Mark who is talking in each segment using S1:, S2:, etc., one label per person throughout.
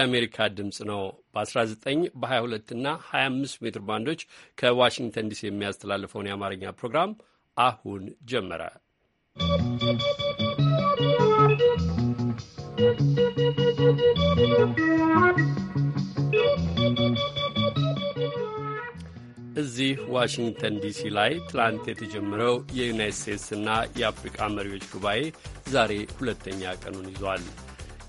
S1: የአሜሪካ ድምፅ ነው። በ19 በ22 እና 25 ሜትር ባንዶች ከዋሽንግተን ዲሲ የሚያስተላልፈውን የአማርኛ ፕሮግራም አሁን ጀመረ። እዚህ ዋሽንግተን ዲሲ ላይ ትላንት የተጀመረው የዩናይት ስቴትስና የአፍሪቃ መሪዎች ጉባኤ ዛሬ ሁለተኛ ቀኑን ይዟል።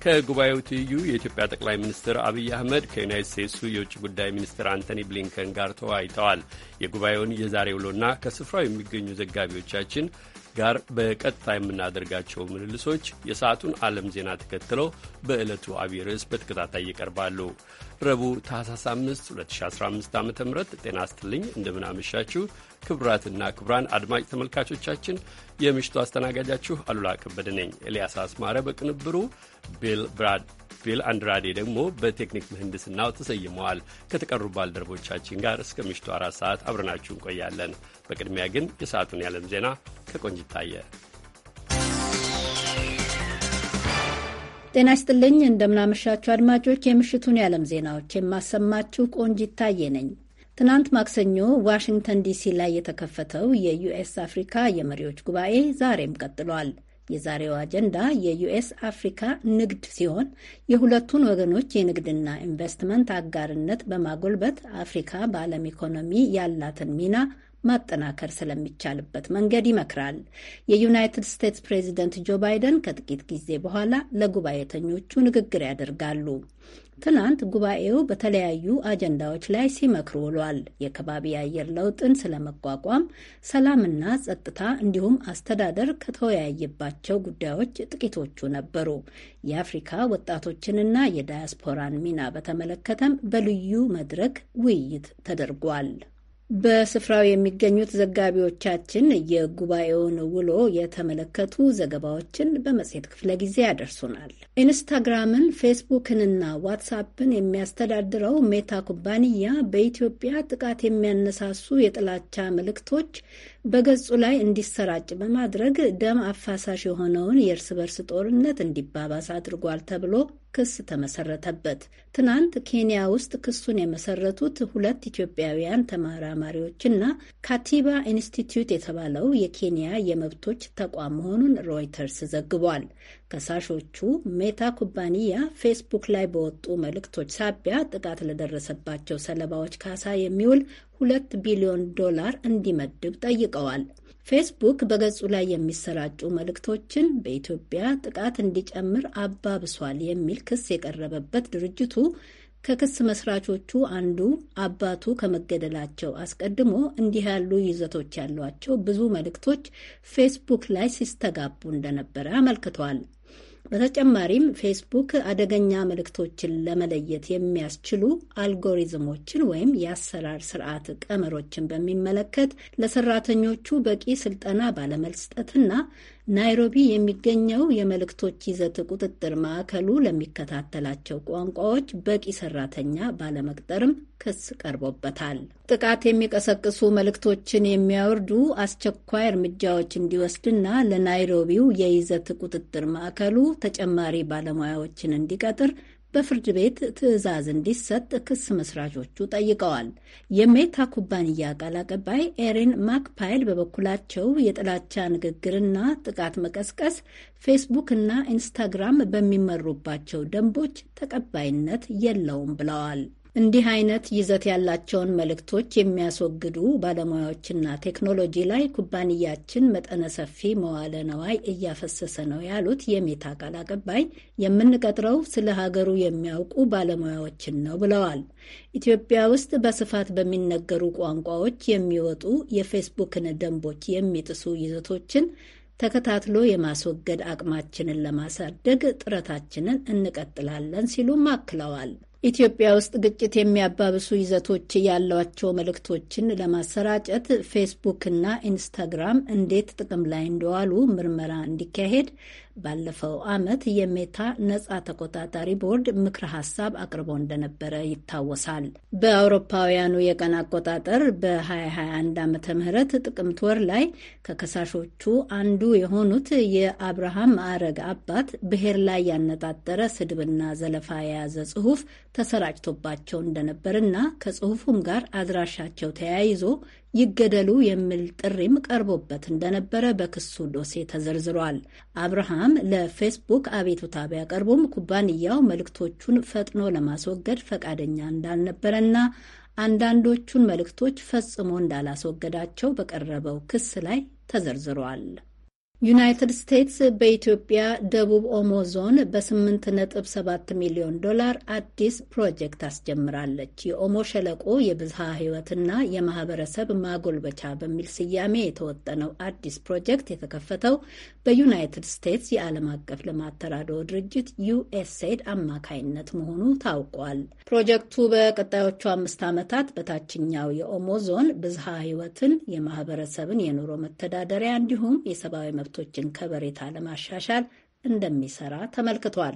S1: ከጉባኤው ትይዩ የኢትዮጵያ ጠቅላይ ሚኒስትር አብይ አህመድ ከዩናይት ስቴትሱ የውጭ ጉዳይ ሚኒስትር አንቶኒ ብሊንከን ጋር ተወያይተዋል። የጉባኤውን የዛሬ ውሎና ከስፍራው የሚገኙ ዘጋቢዎቻችን ጋር በቀጥታ የምናደርጋቸው ምልልሶች የሰዓቱን ዓለም ዜና ተከትለው በዕለቱ አብይ ርዕስ በተከታታይ ይቀርባሉ። ረቡዕ ታህሳስ 5 2015 ዓ ም ጤና ስትልኝ እንደምናመሻችሁ ክቡራትና ክቡራን አድማጭ ተመልካቾቻችን የምሽቱ አስተናጋጃችሁ አሉላ ከበደ ነኝ። ኤልያስ አስማረ በቅንብሩ ቢል ብራድ ቢል አንድራዴ ደግሞ በቴክኒክ ምህንድስናው ተሰይመዋል። ከተቀሩ ባልደረቦቻችን ጋር እስከ ምሽቱ አራት ሰዓት አብረናችሁ እንቆያለን። በቅድሚያ ግን የሰዓቱን የዓለም ዜና ከቆንጅታየ
S2: ጤና ይስጥልኝ እንደምናመሻችሁ አድማጮች፣ የምሽቱን የዓለም ዜናዎች የማሰማችሁ ቆንጅ ይታየ ነኝ። ትናንት ማክሰኞ ዋሽንግተን ዲሲ ላይ የተከፈተው የዩኤስ አፍሪካ የመሪዎች ጉባኤ ዛሬም ቀጥሏል። የዛሬው አጀንዳ የዩኤስ አፍሪካ ንግድ ሲሆን የሁለቱን ወገኖች የንግድና ኢንቨስትመንት አጋርነት በማጎልበት አፍሪካ በዓለም ኢኮኖሚ ያላትን ሚና ማጠናከር ስለሚቻልበት መንገድ ይመክራል። የዩናይትድ ስቴትስ ፕሬዚደንት ጆ ባይደን ከጥቂት ጊዜ በኋላ ለጉባኤተኞቹ ንግግር ያደርጋሉ። ትናንት ጉባኤው በተለያዩ አጀንዳዎች ላይ ሲመክሩ ውሏል። የከባቢ አየር ለውጥን ስለመቋቋም፣ ሰላምና ጸጥታ እንዲሁም አስተዳደር ከተወያየባቸው ጉዳዮች ጥቂቶቹ ነበሩ። የአፍሪካ ወጣቶችንና የዳያስፖራን ሚና በተመለከተም በልዩ መድረክ ውይይት ተደርጓል። በስፍራው የሚገኙት ዘጋቢዎቻችን የጉባኤውን ውሎ የተመለከቱ ዘገባዎችን በመጽሔት ክፍለ ጊዜ ያደርሱናል። ኢንስታግራምን፣ ፌስቡክንና ዋትሳፕን የሚያስተዳድረው ሜታ ኩባንያ በኢትዮጵያ ጥቃት የሚያነሳሱ የጥላቻ ምልክቶች በገጹ ላይ እንዲሰራጭ በማድረግ ደም አፋሳሽ የሆነውን የእርስ በርስ ጦርነት እንዲባባስ አድርጓል ተብሎ ክስ ተመሰረተበት። ትናንት ኬንያ ውስጥ ክሱን የመሰረቱት ሁለት ኢትዮጵያውያን ተመራማሪዎችና ካቲባ ኢንስቲትዩት የተባለው የኬንያ የመብቶች ተቋም መሆኑን ሮይተርስ ዘግቧል። ከሳሾቹ ሜታ ኩባንያ ፌስቡክ ላይ በወጡ መልእክቶች ሳቢያ ጥቃት ለደረሰባቸው ሰለባዎች ካሳ የሚውል ሁለት ቢሊዮን ዶላር እንዲመድብ ጠይቀዋል። ፌስቡክ በገጹ ላይ የሚሰራጩ መልእክቶችን በኢትዮጵያ ጥቃት እንዲጨምር አባብሷል የሚል ክስ የቀረበበት ድርጅቱ ከክስ መስራቾቹ አንዱ አባቱ ከመገደላቸው አስቀድሞ እንዲህ ያሉ ይዘቶች ያሏቸው ብዙ መልእክቶች ፌስቡክ ላይ ሲስተጋቡ እንደነበረ አመልክቷል። በተጨማሪም ፌስቡክ አደገኛ መልእክቶችን ለመለየት የሚያስችሉ አልጎሪዝሞችን ወይም የአሰራር ስርዓት ቀመሮችን በሚመለከት ለሰራተኞቹ በቂ ስልጠና ባለመስጠትና ናይሮቢ የሚገኘው የመልእክቶች ይዘት ቁጥጥር ማዕከሉ ለሚከታተላቸው ቋንቋዎች በቂ ሰራተኛ ባለመቅጠርም ክስ ቀርቦበታል። ጥቃት የሚቀሰቅሱ መልእክቶችን የሚያወርዱ አስቸኳይ እርምጃዎች እንዲወስድና ለናይሮቢው የይዘት ቁጥጥር ማዕከሉ ተጨማሪ ባለሙያዎችን እንዲቀጥር በፍርድ ቤት ትዕዛዝ እንዲሰጥ ክስ መስራቾቹ ጠይቀዋል። የሜታ ኩባንያ ቃል አቀባይ ኤሪን ማክፓይል በበኩላቸው የጥላቻ ንግግርና ጥቃት መቀስቀስ ፌስቡክ እና ኢንስታግራም በሚመሩባቸው ደንቦች ተቀባይነት የለውም ብለዋል። እንዲህ አይነት ይዘት ያላቸውን መልእክቶች የሚያስወግዱ ባለሙያዎችና ቴክኖሎጂ ላይ ኩባንያችን መጠነ ሰፊ መዋለ ነዋይ እያፈሰሰ ነው ያሉት የሜታ ቃል አቀባይ የምንቀጥረው ስለ ሀገሩ የሚያውቁ ባለሙያዎችን ነው ብለዋል። ኢትዮጵያ ውስጥ በስፋት በሚነገሩ ቋንቋዎች የሚወጡ የፌስቡክን ደንቦች የሚጥሱ ይዘቶችን ተከታትሎ የማስወገድ አቅማችንን ለማሳደግ ጥረታችንን እንቀጥላለን ሲሉም አክለዋል። ኢትዮጵያ ውስጥ ግጭት የሚያባብሱ ይዘቶች ያሏቸው መልእክቶችን ለማሰራጨት ፌስቡክ እና ኢንስታግራም እንዴት ጥቅም ላይ እንደዋሉ ምርመራ እንዲካሄድ ባለፈው ዓመት የሜታ ነጻ ተቆጣጣሪ ቦርድ ምክረ ሀሳብ አቅርቦ እንደነበረ ይታወሳል። በአውሮፓውያኑ የቀን አቆጣጠር በ2021 ዓ ም ጥቅምት ወር ላይ ከከሳሾቹ አንዱ የሆኑት የአብርሃም ማዕረግ አባት ብሔር ላይ ያነጣጠረ ስድብና ዘለፋ የያዘ ጽሁፍ ተሰራጭቶባቸው እንደነበርና ከጽሁፉም ጋር አድራሻቸው ተያይዞ ይገደሉ የሚል ጥሪም ቀርቦበት እንደነበረ በክሱ ዶሴ ተዘርዝሯል። አብርሃም ለፌስቡክ አቤቱታ ቢያቀርቡም ኩባንያው መልእክቶቹን ፈጥኖ ለማስወገድ ፈቃደኛ እንዳልነበረና አንዳንዶቹን መልእክቶች ፈጽሞ እንዳላስወገዳቸው በቀረበው ክስ ላይ ተዘርዝሯል። ዩናይትድ ስቴትስ በኢትዮጵያ ደቡብ ኦሞ ዞን በ8.7 ሚሊዮን ዶላር አዲስ ፕሮጀክት አስጀምራለች። የኦሞ ሸለቆ የብዝሃ ሕይወትና የማህበረሰብ ማጎልበቻ በሚል ስያሜ የተወጠነው አዲስ ፕሮጀክት የተከፈተው በዩናይትድ ስቴትስ የዓለም አቀፍ ልማት ተራድኦ ድርጅት ዩኤስኤድ አማካይነት መሆኑ ታውቋል። ፕሮጀክቱ በቀጣዮቹ አምስት ዓመታት በታችኛው የኦሞ ዞን ብዝሃ ሕይወትን፣ የማህበረሰብን የኑሮ መተዳደሪያ እንዲሁም የሰብአዊ መብት መብቶችን ከበሬታ ለማሻሻል እንደሚሰራ ተመልክቷል።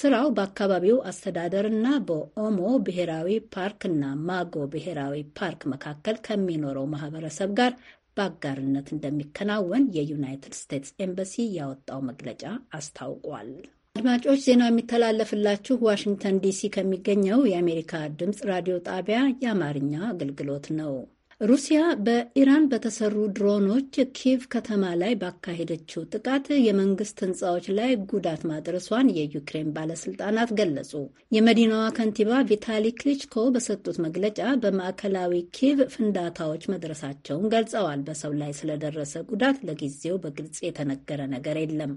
S2: ስራው በአካባቢው አስተዳደርና በኦሞ ብሔራዊ ፓርክ እና ማጎ ብሔራዊ ፓርክ መካከል ከሚኖረው ማህበረሰብ ጋር በአጋርነት እንደሚከናወን የዩናይትድ ስቴትስ ኤምባሲ ያወጣው መግለጫ አስታውቋል። አድማጮች ዜናው የሚተላለፍላችሁ ዋሽንግተን ዲሲ ከሚገኘው የአሜሪካ ድምፅ ራዲዮ ጣቢያ የአማርኛ አገልግሎት ነው። ሩሲያ በኢራን በተሰሩ ድሮኖች ኪቭ ከተማ ላይ ባካሄደችው ጥቃት የመንግስት ሕንፃዎች ላይ ጉዳት ማድረሷን የዩክሬን ባለስልጣናት ገለጹ። የመዲናዋ ከንቲባ ቪታሊ ክሊችኮ በሰጡት መግለጫ በማዕከላዊ ኪቭ ፍንዳታዎች መድረሳቸውን ገልጸዋል። በሰው ላይ ስለደረሰ ጉዳት ለጊዜው በግልጽ የተነገረ ነገር የለም።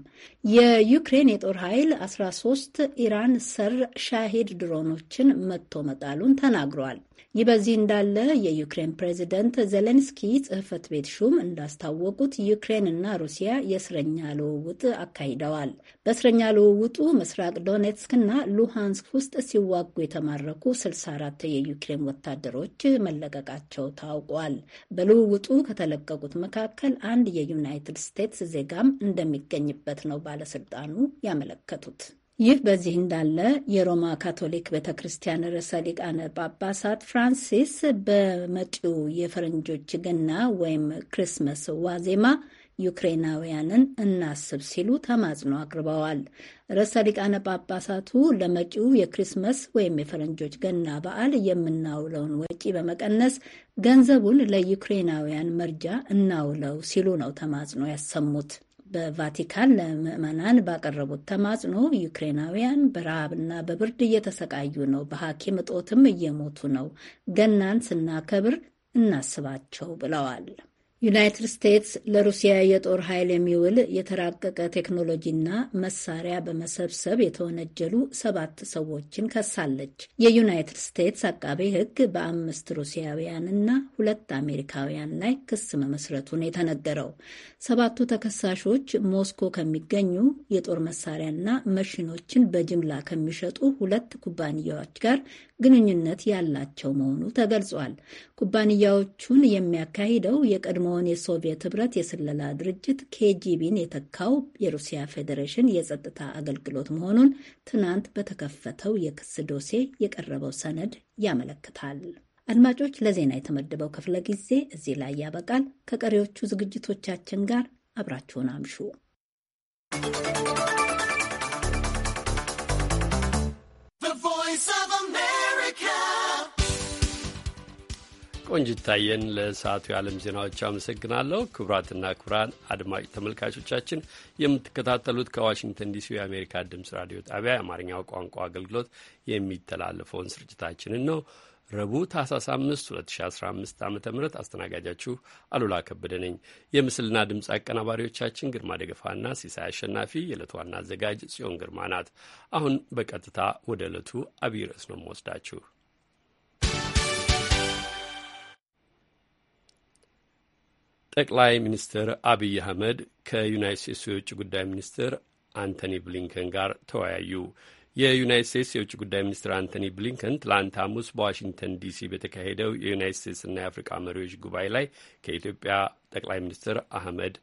S2: የዩክሬን የጦር ኃይል 13 ኢራን ሰር ሻሂድ ድሮኖችን መጥቶ መጣሉን ተናግሯል። ይህ በዚህ እንዳለ የዩክሬን ፕሬዚደንት ዘሌንስኪ ጽህፈት ቤት ሹም እንዳስታወቁት ዩክሬን እና ሩሲያ የእስረኛ ልውውጥ አካሂደዋል። በእስረኛ ልውውጡ ምስራቅ ዶኔትስክ እና ሉሃንስክ ውስጥ ሲዋጉ የተማረኩ 64 የዩክሬን ወታደሮች መለቀቃቸው ታውቋል። በልውውጡ ከተለቀቁት መካከል አንድ የዩናይትድ ስቴትስ ዜጋም እንደሚገኝበት ነው ባለስልጣኑ ያመለከቱት። ይህ በዚህ እንዳለ የሮማ ካቶሊክ ቤተ ክርስቲያን ርዕሰ ሊቃነ ጳጳሳት ፍራንሲስ በመጪው የፈረንጆች ገና ወይም ክሪስመስ ዋዜማ ዩክሬናውያንን እናስብ ሲሉ ተማጽኖ አቅርበዋል። ርዕሰ ሊቃነ ጳጳሳቱ ለመጪው የክሪስመስ ወይም የፈረንጆች ገና በዓል የምናውለውን ወጪ በመቀነስ ገንዘቡን ለዩክሬናውያን መርጃ እናውለው ሲሉ ነው ተማጽኖ ያሰሙት። በቫቲካን ለምዕመናን ባቀረቡት ተማጽኖ ዩክሬናውያን በረሃብና በብርድ እየተሰቃዩ ነው፣ በሐኪም እጦትም እየሞቱ ነው፣ ገናን ስናከብር እናስባቸው ብለዋል። ዩናይትድ ስቴትስ ለሩሲያ የጦር ኃይል የሚውል የተራቀቀ ቴክኖሎጂና መሳሪያ በመሰብሰብ የተወነጀሉ ሰባት ሰዎችን ከሳለች። የዩናይትድ ስቴትስ አቃቤ ሕግ በአምስት ሩሲያውያንና ሁለት አሜሪካውያን ላይ ክስ መመስረቱን የተነገረው ሰባቱ ተከሳሾች ሞስኮ ከሚገኙ የጦር መሳሪያና መሽኖችን በጅምላ ከሚሸጡ ሁለት ኩባንያዎች ጋር ግንኙነት ያላቸው መሆኑ ተገልጿል። ኩባንያዎቹን የሚያካሂደው የቀድሞውን የሶቪየት ህብረት የስለላ ድርጅት ኬጂቢን የተካው የሩሲያ ፌዴሬሽን የጸጥታ አገልግሎት መሆኑን ትናንት በተከፈተው የክስ ዶሴ የቀረበው ሰነድ ያመለክታል። አድማጮች፣ ለዜና የተመደበው ክፍለ ጊዜ እዚህ ላይ ያበቃል። ከቀሪዎቹ ዝግጅቶቻችን ጋር አብራችሁን አምሹ።
S3: The
S1: ቆንጅታየን ለሰዓቱ የዓለም ዜናዎች አመሰግናለሁ። ክቡራትና ክቡራን አድማጭ ተመልካቾቻችን የምትከታተሉት ከዋሽንግተን ዲሲ የአሜሪካ ድምፅ ራዲዮ ጣቢያ የአማርኛው ቋንቋ አገልግሎት የሚተላለፈውን ስርጭታችንን ነው። ረቡዕ ታህሳስ 5 2015 ዓ ም አስተናጋጃችሁ አሉላ ከበደ ነኝ። የምስልና ድምፅ አቀናባሪዎቻችን ግርማ ደገፋና ሲሳይ አሸናፊ፣ የዕለቱ ዋና አዘጋጅ ጽዮን ግርማ ናት። አሁን በቀጥታ ወደ ዕለቱ አብይ ርዕስ ነው የምወስዳችሁ። ጠቅላይ ሚኒስትር አብይ አህመድ ከዩናይት ስቴትስ የውጭ ጉዳይ ሚኒስትር አንቶኒ ብሊንከን ጋር ተወያዩ። የዩናይት ስቴትስ የውጭ ጉዳይ ሚኒስትር አንቶኒ ብሊንከን ትላንት ሐሙስ በዋሽንግተን ዲሲ በተካሄደው የዩናይት ስቴትስና የአፍሪቃ መሪዎች ጉባኤ ላይ ከኢትዮጵያ ጠቅላይ ሚኒስትር አህመድ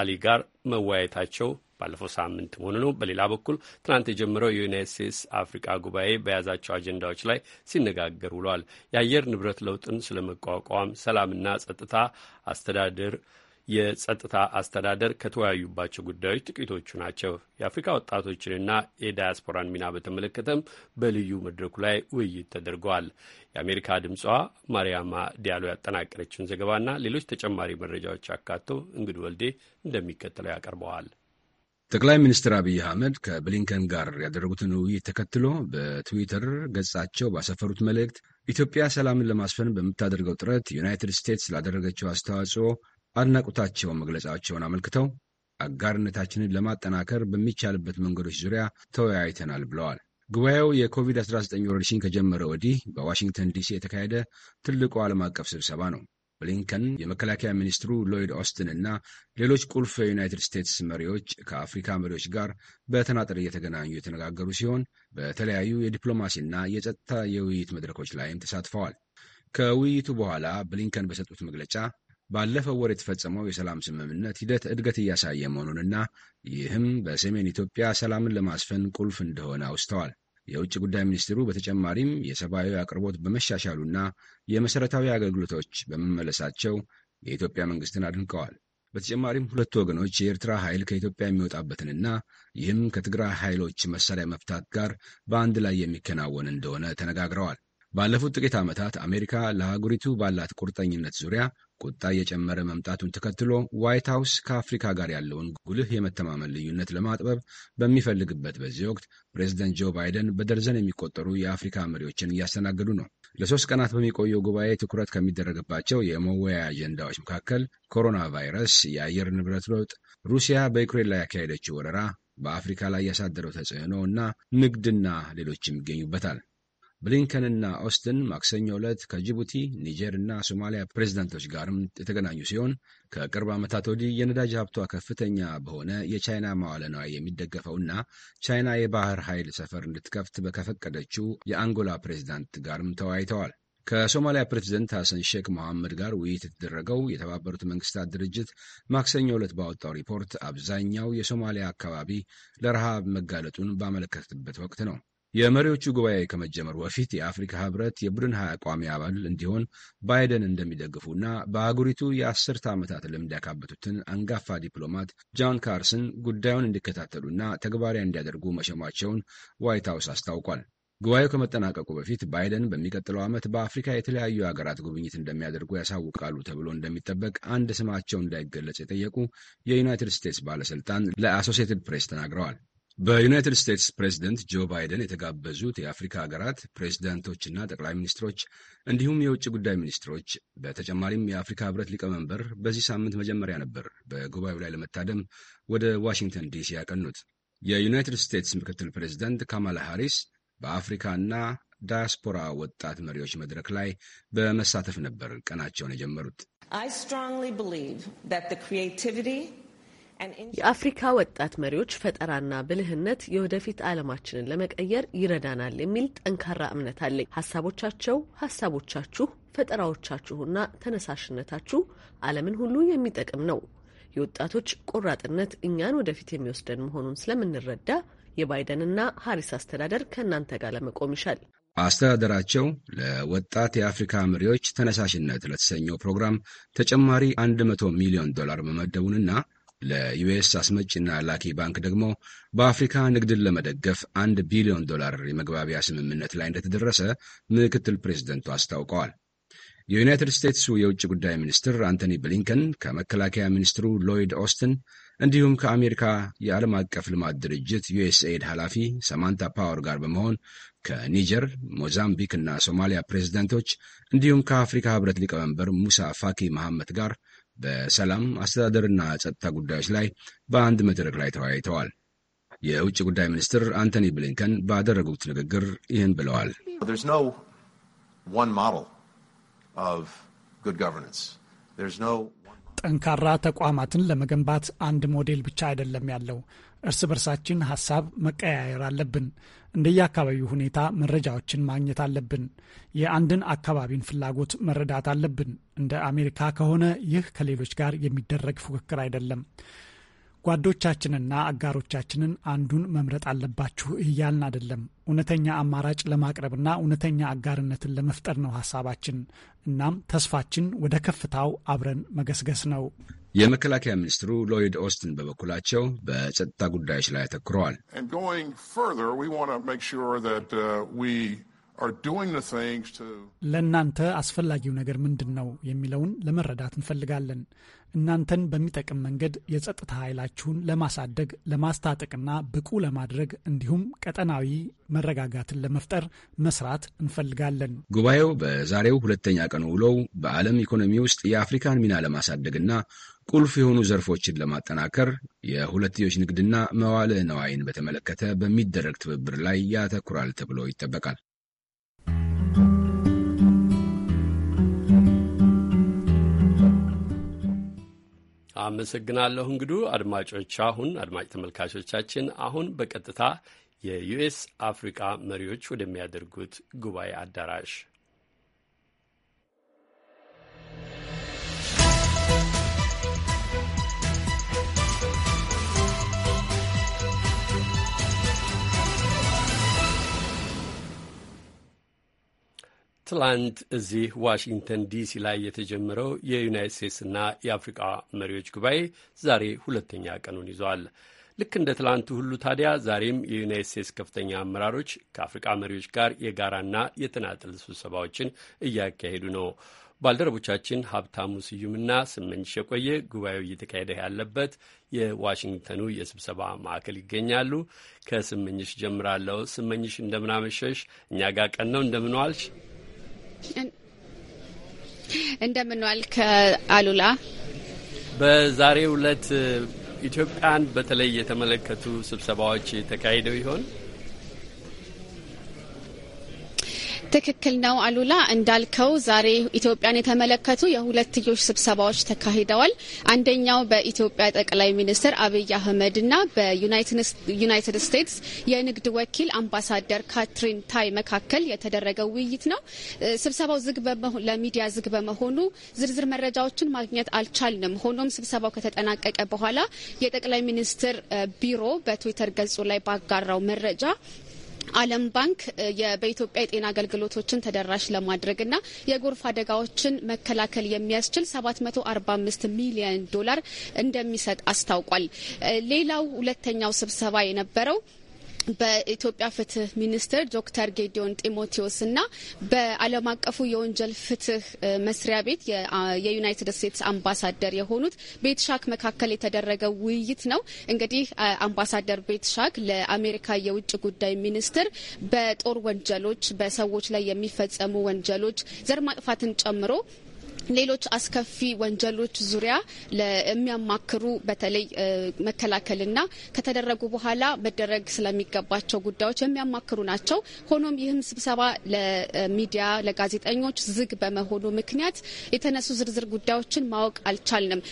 S1: አሊ ጋር መወያየታቸው ባለፈው ሳምንት መሆኑ ነው። በሌላ በኩል ትናንት የጀመረው የዩናይት ስቴትስ አፍሪቃ ጉባኤ በያዛቸው አጀንዳዎች ላይ ሲነጋገር ውሏል። የአየር ንብረት ለውጥን ስለመቋቋም፣ ሰላምና ጸጥታ አስተዳደር የጸጥታ አስተዳደር ከተወያዩባቸው ጉዳዮች ጥቂቶቹ ናቸው። የአፍሪካ ወጣቶችንና የዳያስፖራን ሚና በተመለከተም በልዩ መድረኩ ላይ ውይይት ተደርገዋል። የአሜሪካ ድምጿ ማርያማ ዲያሎ ያጠናቀረችውን ዘገባና ሌሎች ተጨማሪ መረጃዎች አካቶ እንግድ ወልዴ እንደሚከተለው ያቀርበዋል።
S4: ጠቅላይ ሚኒስትር አብይ አህመድ ከብሊንከን ጋር ያደረጉትን ውይይት ተከትሎ በትዊተር ገጻቸው ባሰፈሩት መልእክት ኢትዮጵያ ሰላምን ለማስፈን በምታደርገው ጥረት ዩናይትድ ስቴትስ ላደረገችው አስተዋጽኦ አድናቆታቸውን መግለጻቸውን አመልክተው አጋርነታችንን ለማጠናከር በሚቻልበት መንገዶች ዙሪያ ተወያይተናል ብለዋል። ጉባኤው የኮቪድ-19 ወረርሽኝ ከጀመረ ወዲህ በዋሽንግተን ዲሲ የተካሄደ ትልቁ ዓለም አቀፍ ስብሰባ ነው። ብሊንከን የመከላከያ ሚኒስትሩ ሎይድ ኦስትን እና ሌሎች ቁልፍ የዩናይትድ ስቴትስ መሪዎች ከአፍሪካ መሪዎች ጋር በተናጠር እየተገናኙ የተነጋገሩ ሲሆን በተለያዩ የዲፕሎማሲና የጸጥታ የውይይት መድረኮች ላይም ተሳትፈዋል። ከውይይቱ በኋላ ብሊንከን በሰጡት መግለጫ ባለፈው ወር የተፈጸመው የሰላም ስምምነት ሂደት እድገት እያሳየ መሆኑንና ይህም በሰሜን ኢትዮጵያ ሰላምን ለማስፈን ቁልፍ እንደሆነ አውስተዋል። የውጭ ጉዳይ ሚኒስትሩ በተጨማሪም የሰብአዊ አቅርቦት በመሻሻሉና የመሠረታዊ አገልግሎቶች በመመለሳቸው የኢትዮጵያ መንግስትን አድንቀዋል። በተጨማሪም ሁለቱ ወገኖች የኤርትራ ኃይል ከኢትዮጵያ የሚወጣበትንና ይህም ከትግራይ ኃይሎች መሳሪያ መፍታት ጋር በአንድ ላይ የሚከናወን እንደሆነ ተነጋግረዋል። ባለፉት ጥቂት ዓመታት አሜሪካ ለአህጉሪቱ ባላት ቁርጠኝነት ዙሪያ ቁጣ እየጨመረ መምጣቱን ተከትሎ ዋይት ሀውስ ከአፍሪካ ጋር ያለውን ጉልህ የመተማመን ልዩነት ለማጥበብ በሚፈልግበት በዚህ ወቅት ፕሬዚደንት ጆ ባይደን በደርዘን የሚቆጠሩ የአፍሪካ መሪዎችን እያስተናገዱ ነው። ለሶስት ቀናት በሚቆየው ጉባኤ ትኩረት ከሚደረግባቸው የመወያያ አጀንዳዎች መካከል ኮሮና ቫይረስ፣ የአየር ንብረት ለውጥ፣ ሩሲያ በዩክሬን ላይ ያካሄደችው ወረራ፣ በአፍሪካ ላይ ያሳደረው ተጽዕኖ እና ንግድና ሌሎችም ይገኙበታል። ብሊንከንና ኦስትን ማክሰኞ ዕለት ከጅቡቲ፣ ኒጀር እና ሶማሊያ ፕሬዚዳንቶች ጋርም የተገናኙ ሲሆን ከቅርብ ዓመታት ወዲህ የነዳጅ ሀብቷ ከፍተኛ በሆነ የቻይና መዋለ ንዋይ የሚደገፈውና ቻይና የባህር ኃይል ሰፈር እንድትከፍት በከፈቀደችው የአንጎላ ፕሬዚዳንት ጋርም ተወያይተዋል። ከሶማሊያ ፕሬዚደንት ሐሰን ሼክ መሐመድ ጋር ውይይት የተደረገው የተባበሩት መንግስታት ድርጅት ማክሰኞ ዕለት ባወጣው ሪፖርት አብዛኛው የሶማሊያ አካባቢ ለረሃብ መጋለጡን ባመለከትበት ወቅት ነው። የመሪዎቹ ጉባኤ ከመጀመሩ በፊት የአፍሪካ ህብረት የቡድን ሀያ ቋሚ አባል እንዲሆን ባይደን እንደሚደግፉና በአህጉሪቱ የአስርተ ዓመታት ልምድ ያካበቱትን አንጋፋ ዲፕሎማት ጃን ካርስን ጉዳዩን እንዲከታተሉና ተግባራዊ እንዲያደርጉ መሸማቸውን ዋይት ሀውስ አስታውቋል። ጉባኤው ከመጠናቀቁ በፊት ባይደን በሚቀጥለው ዓመት በአፍሪካ የተለያዩ ሀገራት ጉብኝት እንደሚያደርጉ ያሳውቃሉ ተብሎ እንደሚጠበቅ አንድ ስማቸው እንዳይገለጽ የጠየቁ የዩናይትድ ስቴትስ ባለሥልጣን ለአሶሲየትድ ፕሬስ ተናግረዋል። በዩናይትድ ስቴትስ ፕሬዚደንት ጆ ባይደን የተጋበዙት የአፍሪካ ሀገራት ፕሬዚዳንቶችና ጠቅላይ ሚኒስትሮች እንዲሁም የውጭ ጉዳይ ሚኒስትሮች በተጨማሪም የአፍሪካ ህብረት ሊቀመንበር በዚህ ሳምንት መጀመሪያ ነበር በጉባኤው ላይ ለመታደም ወደ ዋሽንግተን ዲሲ ያቀኑት። የዩናይትድ ስቴትስ ምክትል ፕሬዚደንት ካማላ ሃሪስ በአፍሪካና ዳያስፖራ ወጣት መሪዎች መድረክ ላይ በመሳተፍ ነበር ቀናቸውን የጀመሩት።
S5: የአፍሪካ ወጣት መሪዎች ፈጠራና ብልህነት የወደፊት ዓለማችንን ለመቀየር ይረዳናል የሚል ጠንካራ እምነት አለኝ። ሀሳቦቻቸው፣ ሀሳቦቻችሁ፣ ፈጠራዎቻችሁና ተነሳሽነታችሁ ዓለምን ሁሉ የሚጠቅም ነው። የወጣቶች ቆራጥነት እኛን ወደፊት የሚወስደን መሆኑን ስለምንረዳ የባይደንና ሀሪስ አስተዳደር ከእናንተ ጋር ለመቆም ይሻል።
S4: አስተዳደራቸው ለወጣት የአፍሪካ መሪዎች ተነሳሽነት ለተሰኘው ፕሮግራም ተጨማሪ 100 ሚሊዮን ዶላር መመደቡንና ለዩኤስ አስመጪና ላኪ ባንክ ደግሞ በአፍሪካ ንግድን ለመደገፍ አንድ ቢሊዮን ዶላር የመግባቢያ ስምምነት ላይ እንደተደረሰ ምክትል ፕሬዝደንቱ አስታውቀዋል። የዩናይትድ ስቴትሱ የውጭ ጉዳይ ሚኒስትር አንቶኒ ብሊንከን ከመከላከያ ሚኒስትሩ ሎይድ ኦስትን እንዲሁም ከአሜሪካ የዓለም አቀፍ ልማት ድርጅት ዩኤስኤድ ኃላፊ ሰማንታ ፓወር ጋር በመሆን ከኒጀር፣ ሞዛምቢክ እና ሶማሊያ ፕሬዝደንቶች እንዲሁም ከአፍሪካ ሕብረት ሊቀመንበር ሙሳ ፋኪ መሐመት ጋር በሰላም አስተዳደርና ጸጥታ ጉዳዮች ላይ በአንድ መድረክ ላይ ተወያይተዋል። የውጭ ጉዳይ ሚኒስትር አንቶኒ ብሊንከን ባደረጉት ንግግር ይህን ብለዋል።
S6: ጠንካራ ተቋማትን ለመገንባት አንድ ሞዴል ብቻ አይደለም ያለው። እርስ በርሳችን ሀሳብ መቀያየር አለብን። እንደየአካባቢው ሁኔታ መረጃዎችን ማግኘት አለብን። የአንድን አካባቢን ፍላጎት መረዳት አለብን። እንደ አሜሪካ ከሆነ ይህ ከሌሎች ጋር የሚደረግ ፉክክር አይደለም። ጓዶቻችንና አጋሮቻችንን አንዱን መምረጥ አለባችሁ እያልን አይደለም። እውነተኛ አማራጭ ለማቅረብና እውነተኛ አጋርነትን ለመፍጠር ነው ሀሳባችን። እናም ተስፋችን ወደ ከፍታው አብረን መገስገስ ነው።
S4: የመከላከያ ሚኒስትሩ ሎይድ ኦስትን በበኩላቸው በጸጥታ ጉዳዮች ላይ አተኩረዋል።
S6: ለእናንተ አስፈላጊው ነገር ምንድን ነው የሚለውን ለመረዳት እንፈልጋለን። እናንተን በሚጠቅም መንገድ የጸጥታ ኃይላችሁን ለማሳደግ ለማስታጠቅና ብቁ ለማድረግ እንዲሁም ቀጠናዊ መረጋጋትን ለመፍጠር መስራት እንፈልጋለን።
S4: ጉባኤው በዛሬው ሁለተኛ ቀን ውሎው በዓለም ኢኮኖሚ ውስጥ የአፍሪካን ሚና ለማሳደግና ቁልፍ የሆኑ ዘርፎችን ለማጠናከር የሁለትዮሽ ንግድና መዋዕለ ነዋይን በተመለከተ በሚደረግ ትብብር ላይ ያተኩራል ተብሎ ይጠበቃል።
S1: አመሰግናለሁ እንግዱ አድማጮች አሁን አድማጭ ተመልካቾቻችን አሁን በቀጥታ የዩኤስ አፍሪቃ መሪዎች ወደሚያደርጉት ጉባኤ አዳራሽ ትላንት እዚህ ዋሽንግተን ዲሲ ላይ የተጀመረው የዩናይት ስቴትስና የአፍሪቃ መሪዎች ጉባኤ ዛሬ ሁለተኛ ቀኑን ይዟል። ልክ እንደ ትላንቱ ሁሉ ታዲያ ዛሬም የዩናይት ስቴትስ ከፍተኛ አመራሮች ከአፍሪቃ መሪዎች ጋር የጋራና የተናጠል ስብሰባዎችን እያካሄዱ ነው። ባልደረቦቻችን ሀብታሙ ስዩምና ስመኝሽ የቆየ ጉባኤው እየተካሄደ ያለበት የዋሽንግተኑ የስብሰባ ማዕከል ይገኛሉ። ከስመኝሽ ጀምራለሁ። ስመኝሽ እንደምናመሸሽ፣ እኛ ጋር ቀን ነው። እንደምንዋልሽ?
S7: እንደምንዋል ከአሉላ
S1: በዛሬው ዕለት ኢትዮጵያን በተለይ የተመለከቱ ስብሰባዎች ተካሂደው ይሆን?
S7: ትክክል ነው አሉላ። እንዳልከው ዛሬ ኢትዮጵያን የተመለከቱ የሁለትዮሽ ስብሰባዎች ተካሂደዋል። አንደኛው በኢትዮጵያ ጠቅላይ ሚኒስትር አብይ አህመድ እና በዩናይትድ ስቴትስ የንግድ ወኪል አምባሳደር ካትሪን ታይ መካከል የተደረገው ውይይት ነው። ስብሰባው ዝግ ለሚዲያ ዝግ በመሆኑ ዝርዝር መረጃዎችን ማግኘት አልቻልንም። ሆኖም ስብሰባው ከተጠናቀቀ በኋላ የጠቅላይ ሚኒስትር ቢሮ በትዊተር ገጹ ላይ ባጋራው መረጃ ዓለም ባንክ በኢትዮጵያ የጤና አገልግሎቶችን ተደራሽ ለማድረግና የጎርፍ አደጋዎችን መከላከል የሚያስችል 745 ሚሊዮን ዶላር እንደሚሰጥ አስታውቋል። ሌላው ሁለተኛው ስብሰባ የነበረው በኢትዮጵያ ፍትህ ሚኒስትር ዶክተር ጌዲዮን ጢሞቴዎስ እና በዓለም አቀፉ የወንጀል ፍትህ መስሪያ ቤት የዩናይትድ ስቴትስ አምባሳደር የሆኑት ቤትሻክ መካከል የተደረገ ውይይት ነው። እንግዲህ አምባሳደር ቤትሻክ ለአሜሪካ የውጭ ጉዳይ ሚኒስትር በጦር ወንጀሎች፣ በሰዎች ላይ የሚፈጸሙ ወንጀሎች፣ ዘር ማጥፋትን ጨምሮ ሌሎች አስከፊ ወንጀሎች ዙሪያ የሚያማክሩ በተለይ መከላከልና ከተደረጉ በኋላ መደረግ ስለሚገባቸው ጉዳዮች የሚያማክሩ ናቸው። ሆኖም ይህም ስብሰባ ለሚዲያ ለጋዜጠኞች ዝግ በመሆኑ ምክንያት የተነሱ ዝርዝር ጉዳዮችን ማወቅ አልቻልንም።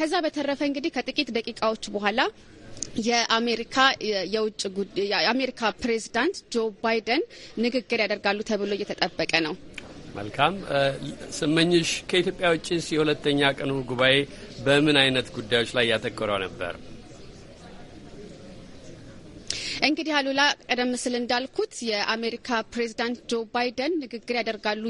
S7: ከዛ በተረፈ እንግዲህ ከጥቂት ደቂቃዎች በኋላ የአሜሪካ የውጭ የአሜሪካ ፕሬዚዳንት ጆ ባይደን ንግግር ያደርጋሉ ተብሎ እየተጠበቀ ነው።
S1: መልካም ስመኝሽ፣ ከኢትዮጵያ ውጭስ የሁለተኛ ቀኑ ጉባኤ በምን አይነት ጉዳዮች ላይ ያተኮረው ነበር?
S7: እንግዲህ አሉላ ቀደም ሲል እንዳልኩት የአሜሪካ ፕሬዚዳንት ጆ ባይደን ንግግር ያደርጋሉ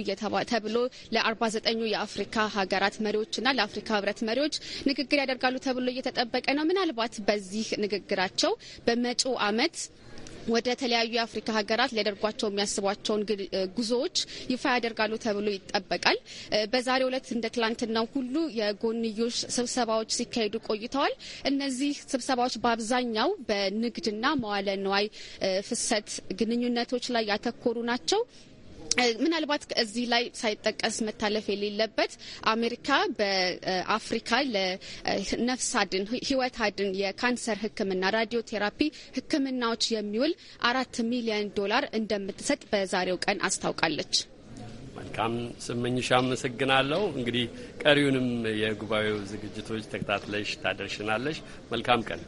S7: ተብሎ ለ ዘጠኙ የአፍሪካ ሀገራት መሪዎችና ለአፍሪካ ህብረት መሪዎች ንግግር ያደርጋሉ ተብሎ እየተጠበቀ ነው። ምናልባት በዚህ ንግግራቸው በመጪው አመት ወደ ተለያዩ የአፍሪካ ሀገራት ሊያደርጓቸው የሚያስቧቸውን ጉዞዎች ይፋ ያደርጋሉ ተብሎ ይጠበቃል። በዛሬው ዕለት እንደ ትላንትናው ሁሉ የጎንዮሽ ስብሰባዎች ሲካሄዱ ቆይተዋል። እነዚህ ስብሰባዎች በአብዛኛው በንግድና መዋለ ንዋይ ፍሰት ግንኙነቶች ላይ ያተኮሩ ናቸው። ምናልባት እዚህ ላይ ሳይጠቀስ መታለፍ የሌለበት አሜሪካ በአፍሪካ ለነፍስ አድን ህይወት አድን የካንሰር ህክምና ራዲዮ ቴራፒ ህክምናዎች የሚውል አራት ሚሊዮን ዶላር እንደምትሰጥ በዛሬው ቀን አስታውቃለች።
S1: መልካም ስመኝሻ፣ አመሰግናለሁ። እንግዲህ ቀሪውንም የጉባኤው ዝግጅቶች ተከታትለሽ ታደርሽናለሽ። መልካም ቀን።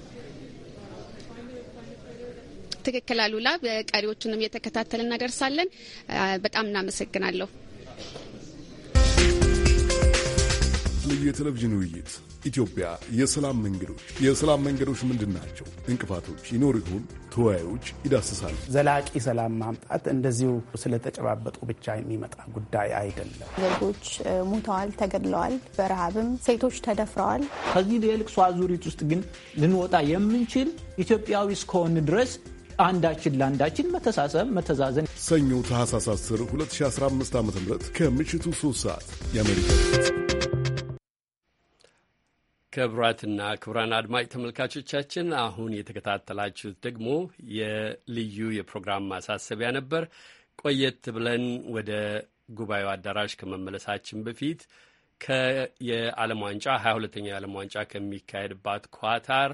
S7: ትክክል አሉላ። ቀሪዎቹንም እየተከታተል እናደርሳለን። በጣም እናመሰግናለሁ።
S8: ልዩ የቴሌቪዥን ውይይት ኢትዮጵያ የሰላም መንገዶች የሰላም መንገዶች ምንድን ናቸው? እንቅፋቶች ይኖር ይሆን? ተወያዮች ይዳስሳሉ። ዘላቂ
S9: ሰላም ማምጣት እንደዚሁ ስለተጨባበጡ ብቻ የሚመጣ ጉዳይ አይደለም።
S3: ዜጎች
S7: ሞተዋል፣ ተገድለዋል፣ በረሃብም ሴቶች ተደፍረዋል።
S10: ከዚህ የልቅሶ አዙሪት ውስጥ
S8: ግን ልንወጣ የምንችል ኢትዮጵያዊ እስከሆን ድረስ አንዳችን ለአንዳችን መተሳሰብ፣ መተዛዘን። ሰኞ ታህሳስ 10 2015 ዓ ም ከምሽቱ 3 ሰዓት
S3: የአሜሪካ
S1: ክቡራትና ክቡራን አድማጭ ተመልካቾቻችን አሁን የተከታተላችሁት ደግሞ የልዩ የፕሮግራም ማሳሰቢያ ነበር። ቆየት ብለን ወደ ጉባኤው አዳራሽ ከመመለሳችን በፊት ከየዓለም ዋንጫ 22ኛው የዓለም ዋንጫ ከሚካሄድባት ኳታር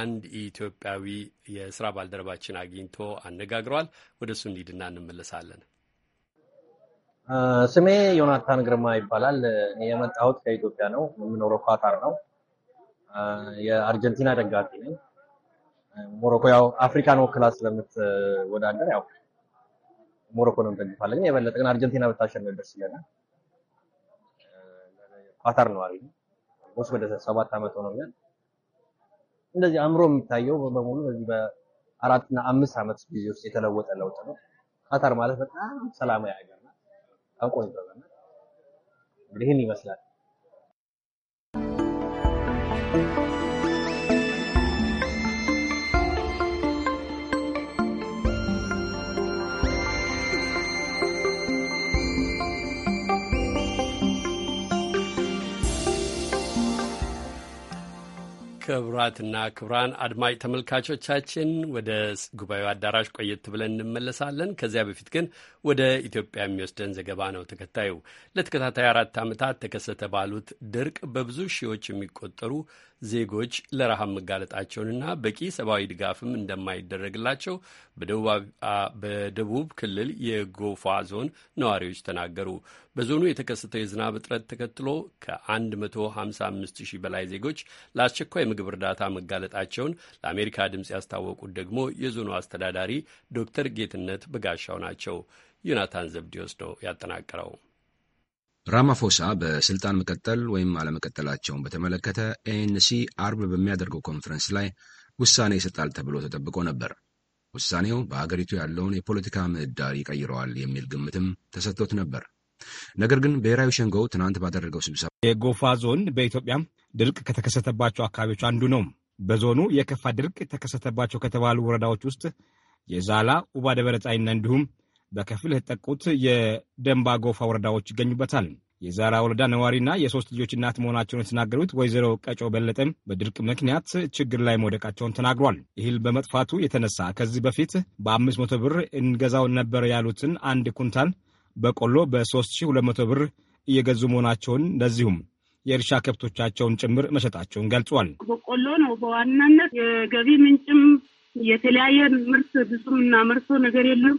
S1: አንድ ኢትዮጵያዊ የስራ ባልደረባችን አግኝቶ አነጋግሯል። ወደ እሱ እንሂድና እንመለሳለን።
S10: ስሜ ዮናታን ግርማ ይባላል። የመጣሁት ከኢትዮጵያ ነው። የምኖረው ኳታር ነው። የአርጀንቲና ደጋፊ ነኝ። ሞሮኮ ያው አፍሪካን ወክላ ስለምትወዳደር ያው ሞሮኮ ነው ደግፋለን። የበለጠ ግን አርጀንቲና ብታሸንፍ ደስ ይለናል። ኳታር ነው አሪፍ ወደ ሰባት ዓመት ሆኖኛል። እንደዚህ አእምሮ የሚታየው በሙሉ በዚህ በአራትና አምስት ዓመት ጊዜ ውስጥ የተለወጠ ለውጥ ነው።
S3: ካታር ማለት በጣም ሰላማዊ
S10: ሀገር ናት። አቆይ ይበላል ይህን ይመስላል።
S1: ክቡራትና ክቡራን አድማጭ ተመልካቾቻችን ወደ ጉባኤው አዳራሽ ቆየት ብለን እንመለሳለን። ከዚያ በፊት ግን ወደ ኢትዮጵያ የሚወስደን ዘገባ ነው ተከታዩ። ለተከታታይ አራት ዓመታት ተከሰተ ባሉት ድርቅ በብዙ ሺዎች የሚቆጠሩ ዜጎች ለረሃብ መጋለጣቸውንና በቂ ሰብአዊ ድጋፍም እንደማይደረግላቸው በደቡብ ክልል የጎፋ ዞን ነዋሪዎች ተናገሩ። በዞኑ የተከሰተው የዝናብ እጥረት ተከትሎ ከ155 ሺህ በላይ ዜጎች ለአስቸኳይ ምግብ እርዳታ መጋለጣቸውን ለአሜሪካ ድምፅ ያስታወቁት ደግሞ የዞኑ አስተዳዳሪ ዶክተር ጌትነት በጋሻው ናቸው። ዮናታን ዘብዲዮስ ነው ያጠናቀረው።
S4: ራማፎሳ በስልጣን መቀጠል ወይም አለመቀጠላቸውን በተመለከተ ኤኤንሲ አርብ በሚያደርገው ኮንፈረንስ ላይ ውሳኔ ይሰጣል ተብሎ ተጠብቆ ነበር። ውሳኔው በአገሪቱ ያለውን የፖለቲካ ምህዳር ይቀይረዋል የሚል ግምትም ተሰጥቶት ነበር። ነገር ግን ብሔራዊ
S11: ሸንጎው ትናንት ባደረገው ስብሰባ የጎፋ ዞን በኢትዮጵያ ድርቅ ከተከሰተባቸው አካባቢዎች አንዱ ነው። በዞኑ የከፋ ድርቅ ተከሰተባቸው ከተባሉ ወረዳዎች ውስጥ የዛላ ኡባ ደብረጻይና እንዲሁም በከፊል የተጠቁት የደንባ ጎፋ ወረዳዎች ይገኙበታል። የዛራ ወረዳ ነዋሪና የሶስት ልጆች እናት መሆናቸውን የተናገሩት ወይዘሮ ቀጮ በለጠም በድርቅ ምክንያት ችግር ላይ መውደቃቸውን ተናግሯል። እህል በመጥፋቱ የተነሳ ከዚህ በፊት በአምስት መቶ ብር እንገዛው ነበር ያሉትን አንድ ኩንታል በቆሎ በ3200 ብር እየገዙ መሆናቸውን እንደዚሁም የእርሻ ከብቶቻቸውን ጭምር መሸጣቸውን ገልጿል።
S9: በቆሎ
S12: ነው በዋናነት የገቢ ምንጭም የተለያየ ምርት ብዙ እናመርተው ነገር የለም።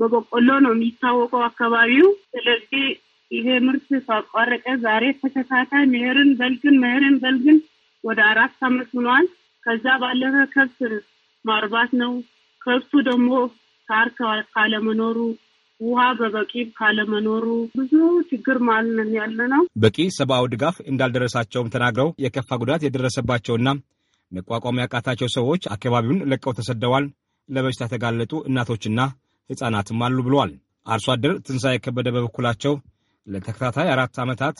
S12: በበቆሎ ነው የሚታወቀው አካባቢው። ስለዚህ ይሄ ምርት ሳቋረቀ ዛሬ ተከታታይ መሄርን በልግን መሄርን በልግን ወደ አራት አመት ሆኗል። ከዛ ባለፈ ከብት ማርባት ነው። ከብቱ ደግሞ ሳር ካለመኖሩ ውሃ በበቂ ካለመኖሩ ብዙ ችግር ማልነን
S10: ያለ ነው።
S11: በቂ ሰብአዊ ድጋፍ እንዳልደረሳቸውም ተናግረው የከፋ ጉዳት የደረሰባቸውና መቋቋም ያቃታቸው ሰዎች አካባቢውን ለቀው ተሰደዋል። ለበሽታ የተጋለጡ እናቶችና ሕፃናትም አሉ ብለዋል። አርሶ አደር ትንሣኤ ከበደ በበኩላቸው ለተከታታይ አራት ዓመታት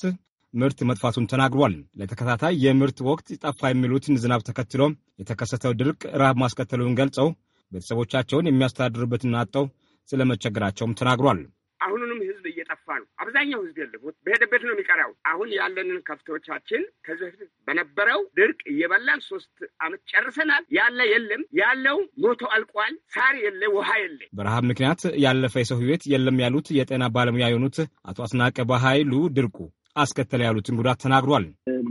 S11: ምርት መጥፋቱን ተናግሯል። ለተከታታይ የምርት ወቅት ጠፋ የሚሉትን ዝናብ ተከትሎ የተከሰተው ድርቅ ረሃብ ማስከተሉን ገልጸው ቤተሰቦቻቸውን የሚያስተዳድሩበትን አጥተው ስለመቸገራቸውም ተናግሯል። አሁኑንም ህዝብ እየጠፋ ነው። አብዛኛው ህዝብ የለፉት በሄደበት ነው የሚቀራው። አሁን ያለንን ከብቶቻችን ከዚህ በፊት በነበረው ድርቅ እየበላን ሶስት አመት ጨርሰናል። ያለ የለም፣ ያለው ሞቶ አልቋል። ሳር የለ፣ ውሃ የለ። በረሃብ ምክንያት ያለፈ የሰው ህይወት የለም ያሉት የጤና ባለሙያ የሆኑት አቶ አስናቀ በኃይሉ ድርቁ አስከተለ ያሉትን ጉዳት ተናግሯል።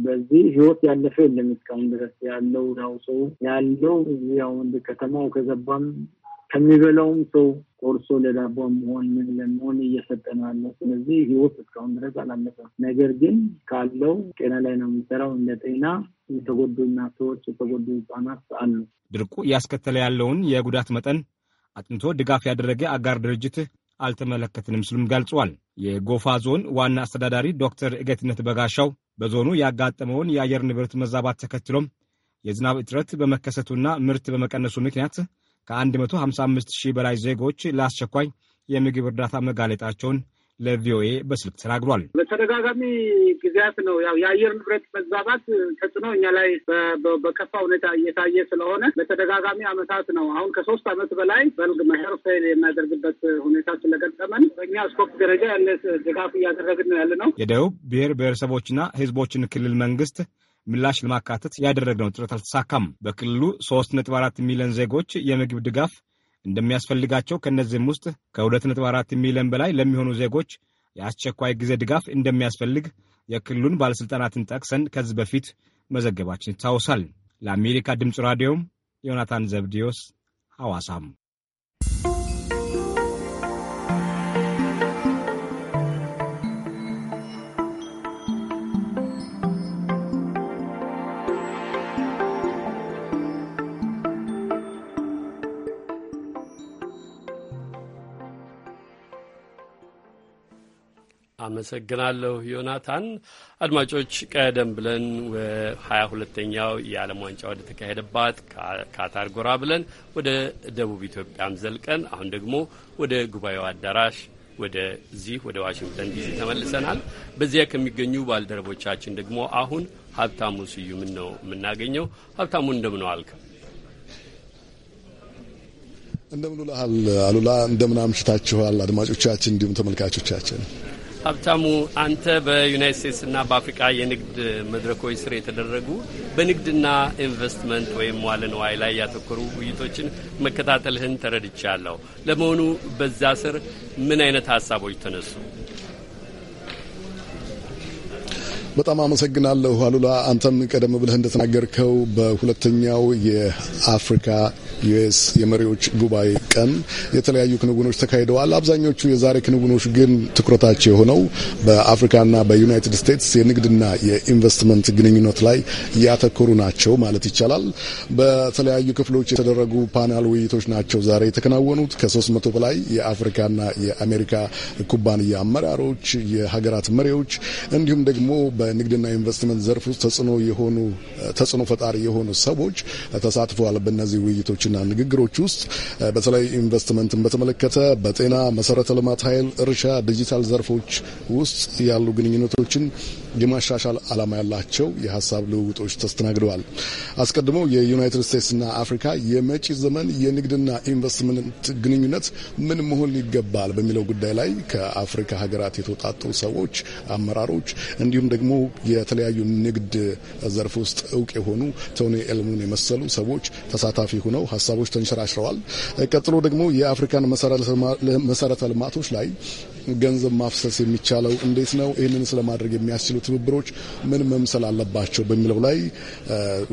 S10: በዚህ ህይወት ያለፈ የለም እስካሁን ድረስ ያለው
S6: ነው ሰው ያለው ያው ከተማው ከዘባም ከሚበላውም ሰው ቆርሶ ለዳቦ መሆን ምን ለመሆን እየሰጠ ነው ያለ። ስለዚህ ህይወት እስካሁን ድረስ አላለፈም። ነገር ግን ካለው ጤና ላይ ነው የሚሰራው። እንደ ጤና የተጎዱ እናቶች፣
S11: የተጎዱ
S10: ህጻናት አሉ።
S11: ድርቁ እያስከተለ ያለውን የጉዳት መጠን አጥንቶ ድጋፍ ያደረገ አጋር ድርጅት አልተመለከትንም ስሉም ገልጿል። የጎፋ ዞን ዋና አስተዳዳሪ ዶክተር እገትነት በጋሻው በዞኑ ያጋጠመውን የአየር ንብረት መዛባት ተከትሎም የዝናብ እጥረት በመከሰቱና ምርት በመቀነሱ ምክንያት ከ155 ሺህ በላይ ዜጎች ለአስቸኳይ የምግብ እርዳታ መጋለጣቸውን ለቪኦኤ በስልክ ተናግሯል።
S6: በተደጋጋሚ ጊዜያት ነው ያው የአየር ንብረት መዛባት ተጽዕኖ እኛ ላይ በከፋ ሁኔታ እየታየ ስለሆነ በተደጋጋሚ ዓመታት ነው አሁን ከሶስት ዓመት በላይ በልግ መኸር ፌል የሚያደርግበት ሁኔታ ስለገጠመን በእኛ ስኮፕ ደረጃ ያለ ድጋፍ እያደረግን ነው ያለ ነው።
S11: የደቡብ ብሔር ብሔረሰቦችና ሕዝቦችን ክልል መንግስት ምላሽ ለማካተት ያደረግነው ጥረት አልተሳካም። በክልሉ 3.4 ሚሊዮን ዜጎች የምግብ ድጋፍ እንደሚያስፈልጋቸው ከእነዚህም ውስጥ ከ2.4 ሚሊዮን በላይ ለሚሆኑ ዜጎች የአስቸኳይ ጊዜ ድጋፍ እንደሚያስፈልግ የክልሉን ባለሥልጣናትን ጠቅሰን ከዚህ በፊት መዘገባችን ይታወሳል። ለአሜሪካ ድምፅ ራዲዮም ዮናታን ዘብዲዮስ ሐዋሳም
S1: አመሰግናለሁ ዮናታን። አድማጮች ቀደም ብለን ሀያ ሁለተኛው የዓለም ዋንጫ ወደ ተካሄደባት ካታር ጎራ ብለን ወደ ደቡብ ኢትዮጵያም ዘልቀን አሁን ደግሞ ወደ ጉባኤው አዳራሽ ወደዚህ ወደ ዋሽንግተን ዲሲ ተመልሰናል። በዚያ ከሚገኙ ባልደረቦቻችን ደግሞ አሁን ሀብታሙ ስዩምን ነው የምናገኘው። ሀብታሙ እንደምን ዋልክ?
S8: እንደምን ውለሃል አሉላ? እንደምን አምሽታችኋል አድማጮቻችን እንዲሁም ተመልካቾቻችን
S1: ሀብታሙ አንተ በዩናይት ስቴትስና በአፍሪቃ የንግድ መድረኮች ስር የተደረጉ በንግድና ኢንቨስትመንት ወይም ዋለ ንዋይ ላይ ያተኮሩ ውይይቶችን መከታተልህን ተረድቻለሁ። ለመሆኑ በዛ ስር ምን አይነት ሀሳቦች ተነሱ?
S8: በጣም አመሰግናለሁ አሉላ። አንተም ቀደም ብለህ እንደተናገርከው በሁለተኛው የአፍሪካ ዩኤስ የመሪዎች ጉባኤ ቀን የተለያዩ ክንውኖች ተካሂደዋል። አብዛኞቹ የዛሬ ክንውኖች ግን ትኩረታቸው የሆነው በአፍሪካና በዩናይትድ ስቴትስ የንግድና የኢንቨስትመንት ግንኙነት ላይ ያተኮሩ ናቸው ማለት ይቻላል። በተለያዩ ክፍሎች የተደረጉ ፓናል ውይይቶች ናቸው ዛሬ የተከናወኑት። ከሶስት መቶ በላይ የአፍሪካና የአሜሪካ ኩባንያ አመራሮች፣ የሀገራት መሪዎች እንዲሁም ደግሞ በንግድና ኢንቨስትመንት ዘርፍ ውስጥ ተጽዕኖ የሆኑ ተጽዕኖ ፈጣሪ የሆኑ ሰዎች ተሳትፈዋል በእነዚህ ውይይቶች ፖሊሲና ንግግሮች ውስጥ በተለይ ኢንቨስትመንትን በተመለከተ በጤና መሰረተ ልማት ኃይል፣ እርሻ፣ ዲጂታል ዘርፎች ውስጥ ያሉ ግንኙነቶችን የማሻሻል ዓላማ ያላቸው የሀሳብ ልውውጦች ተስተናግደዋል። አስቀድሞ የዩናይትድ ስቴትስና አፍሪካ የመጪ ዘመን የንግድና ኢንቨስትመንት ግንኙነት ምን መሆን ይገባል በሚለው ጉዳይ ላይ ከአፍሪካ ሀገራት የተውጣጡ ሰዎች፣ አመራሮች እንዲሁም ደግሞ የተለያዩ ንግድ ዘርፍ ውስጥ እውቅ የሆኑ ቶኒ ኤልሙን የመሰሉ ሰዎች ተሳታፊ ሆነው ሀሳቦች ተንሸራሽረዋል። ቀጥሎ ደግሞ የአፍሪካን መሰረተ ልማቶች ላይ ገንዘብ ማፍሰስ የሚቻለው እንዴት ነው? ይህንን ስለማድረግ የሚያስችሉ ትብብሮች ምን መምሰል አለባቸው? በሚለው ላይ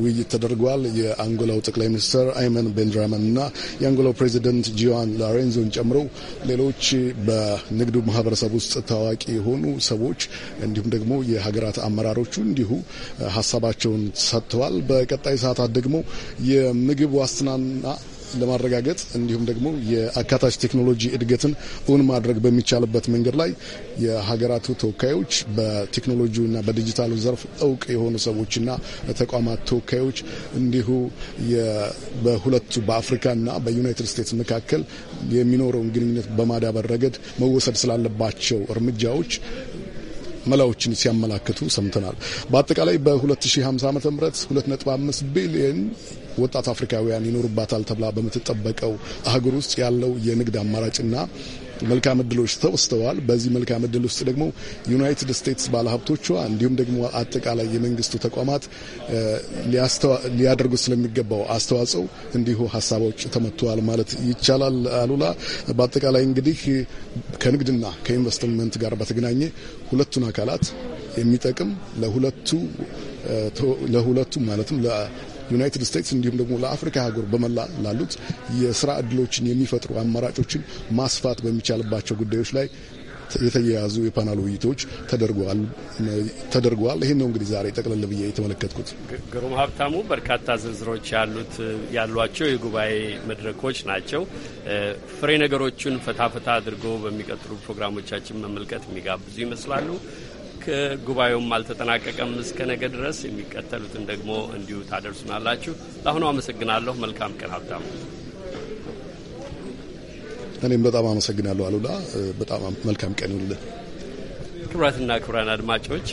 S8: ውይይት ተደርጓል። የአንጎላው ጠቅላይ ሚኒስትር አይመን ቤንድራመን እና የአንጎላው ፕሬዚደንት ጂዋን ላሬንዞን ጨምሮ ሌሎች በንግዱ ማህበረሰብ ውስጥ ታዋቂ የሆኑ ሰዎች እንዲሁም ደግሞ የሀገራት አመራሮቹ እንዲሁ ሀሳባቸውን ሰጥተዋል። በቀጣይ ሰዓታት ደግሞ የምግብ ዋስትናና ለማረጋገጥ እንዲሁም ደግሞ የአካታች ቴክኖሎጂ እድገትን እውን ማድረግ በሚቻልበት መንገድ ላይ የሀገራቱ ተወካዮች በቴክኖሎጂና በዲጂታሉ ዘርፍ እውቅ የሆኑ ሰዎችና ተቋማት ተወካዮች እንዲሁ በሁለቱ በአፍሪካና በዩናይትድ ስቴትስ መካከል የሚኖረውን ግንኙነት በማዳበር ረገድ መወሰድ ስላለባቸው እርምጃዎች መላዎችን ሲያመላክቱ ሰምተናል። በአጠቃላይ በ2050 ዓ ም 2.5 ቢሊዮን ወጣት አፍሪካውያን ይኖሩባታል ተብላ በምትጠበቀው አህጉር ውስጥ ያለው የንግድ አማራጭና መልካም እድሎች ተወስተዋል። በዚህ መልካም እድል ውስጥ ደግሞ ዩናይትድ ስቴትስ ባለሀብቶቿ እንዲሁም ደግሞ አጠቃላይ የመንግስቱ ተቋማት ሊያደርጉ ስለሚገባው አስተዋጽኦ እንዲሁ ሀሳቦች ተመጥተዋል ማለት ይቻላል። አሉላ በአጠቃላይ እንግዲህ ከንግድና ከኢንቨስትመንት ጋር በተገናኘ ሁለቱን አካላት የሚጠቅም ለሁለቱ ለሁለቱም ማለትም ዩናይትድ ስቴትስ እንዲሁም ደግሞ ለአፍሪካ ሀገር በመላ ላሉት የስራ እድሎችን የሚፈጥሩ አማራጮችን ማስፋት በሚቻልባቸው ጉዳዮች ላይ የተያያዙ የፓናል ውይይቶች ተደርገዋል። ይህን ነው እንግዲህ ዛሬ ጠቅለል ብዬ የተመለከትኩት።
S1: ግሩም ሀብታሙ፣ በርካታ ዝርዝሮች ያሉት ያሏቸው የጉባኤ መድረኮች ናቸው። ፍሬ ነገሮቹን ፈታፈታ አድርጎ በሚቀጥሉ ፕሮግራሞቻችን መመልከት የሚጋብዙ ይመስላሉ። ልክ ጉባኤውም አልተጠናቀቀም እስከ ነገ ድረስ የሚቀጠሉትን ደግሞ እንዲሁ ታደርሱናላችሁ። ለአሁኑ አመሰግናለሁ። መልካም ቀን ሀብታሙ።
S8: እኔም በጣም አመሰግናለሁ አሉላ። በጣም መልካም ቀን ይውልልን።
S1: ክብራትና ክብራን አድማጮች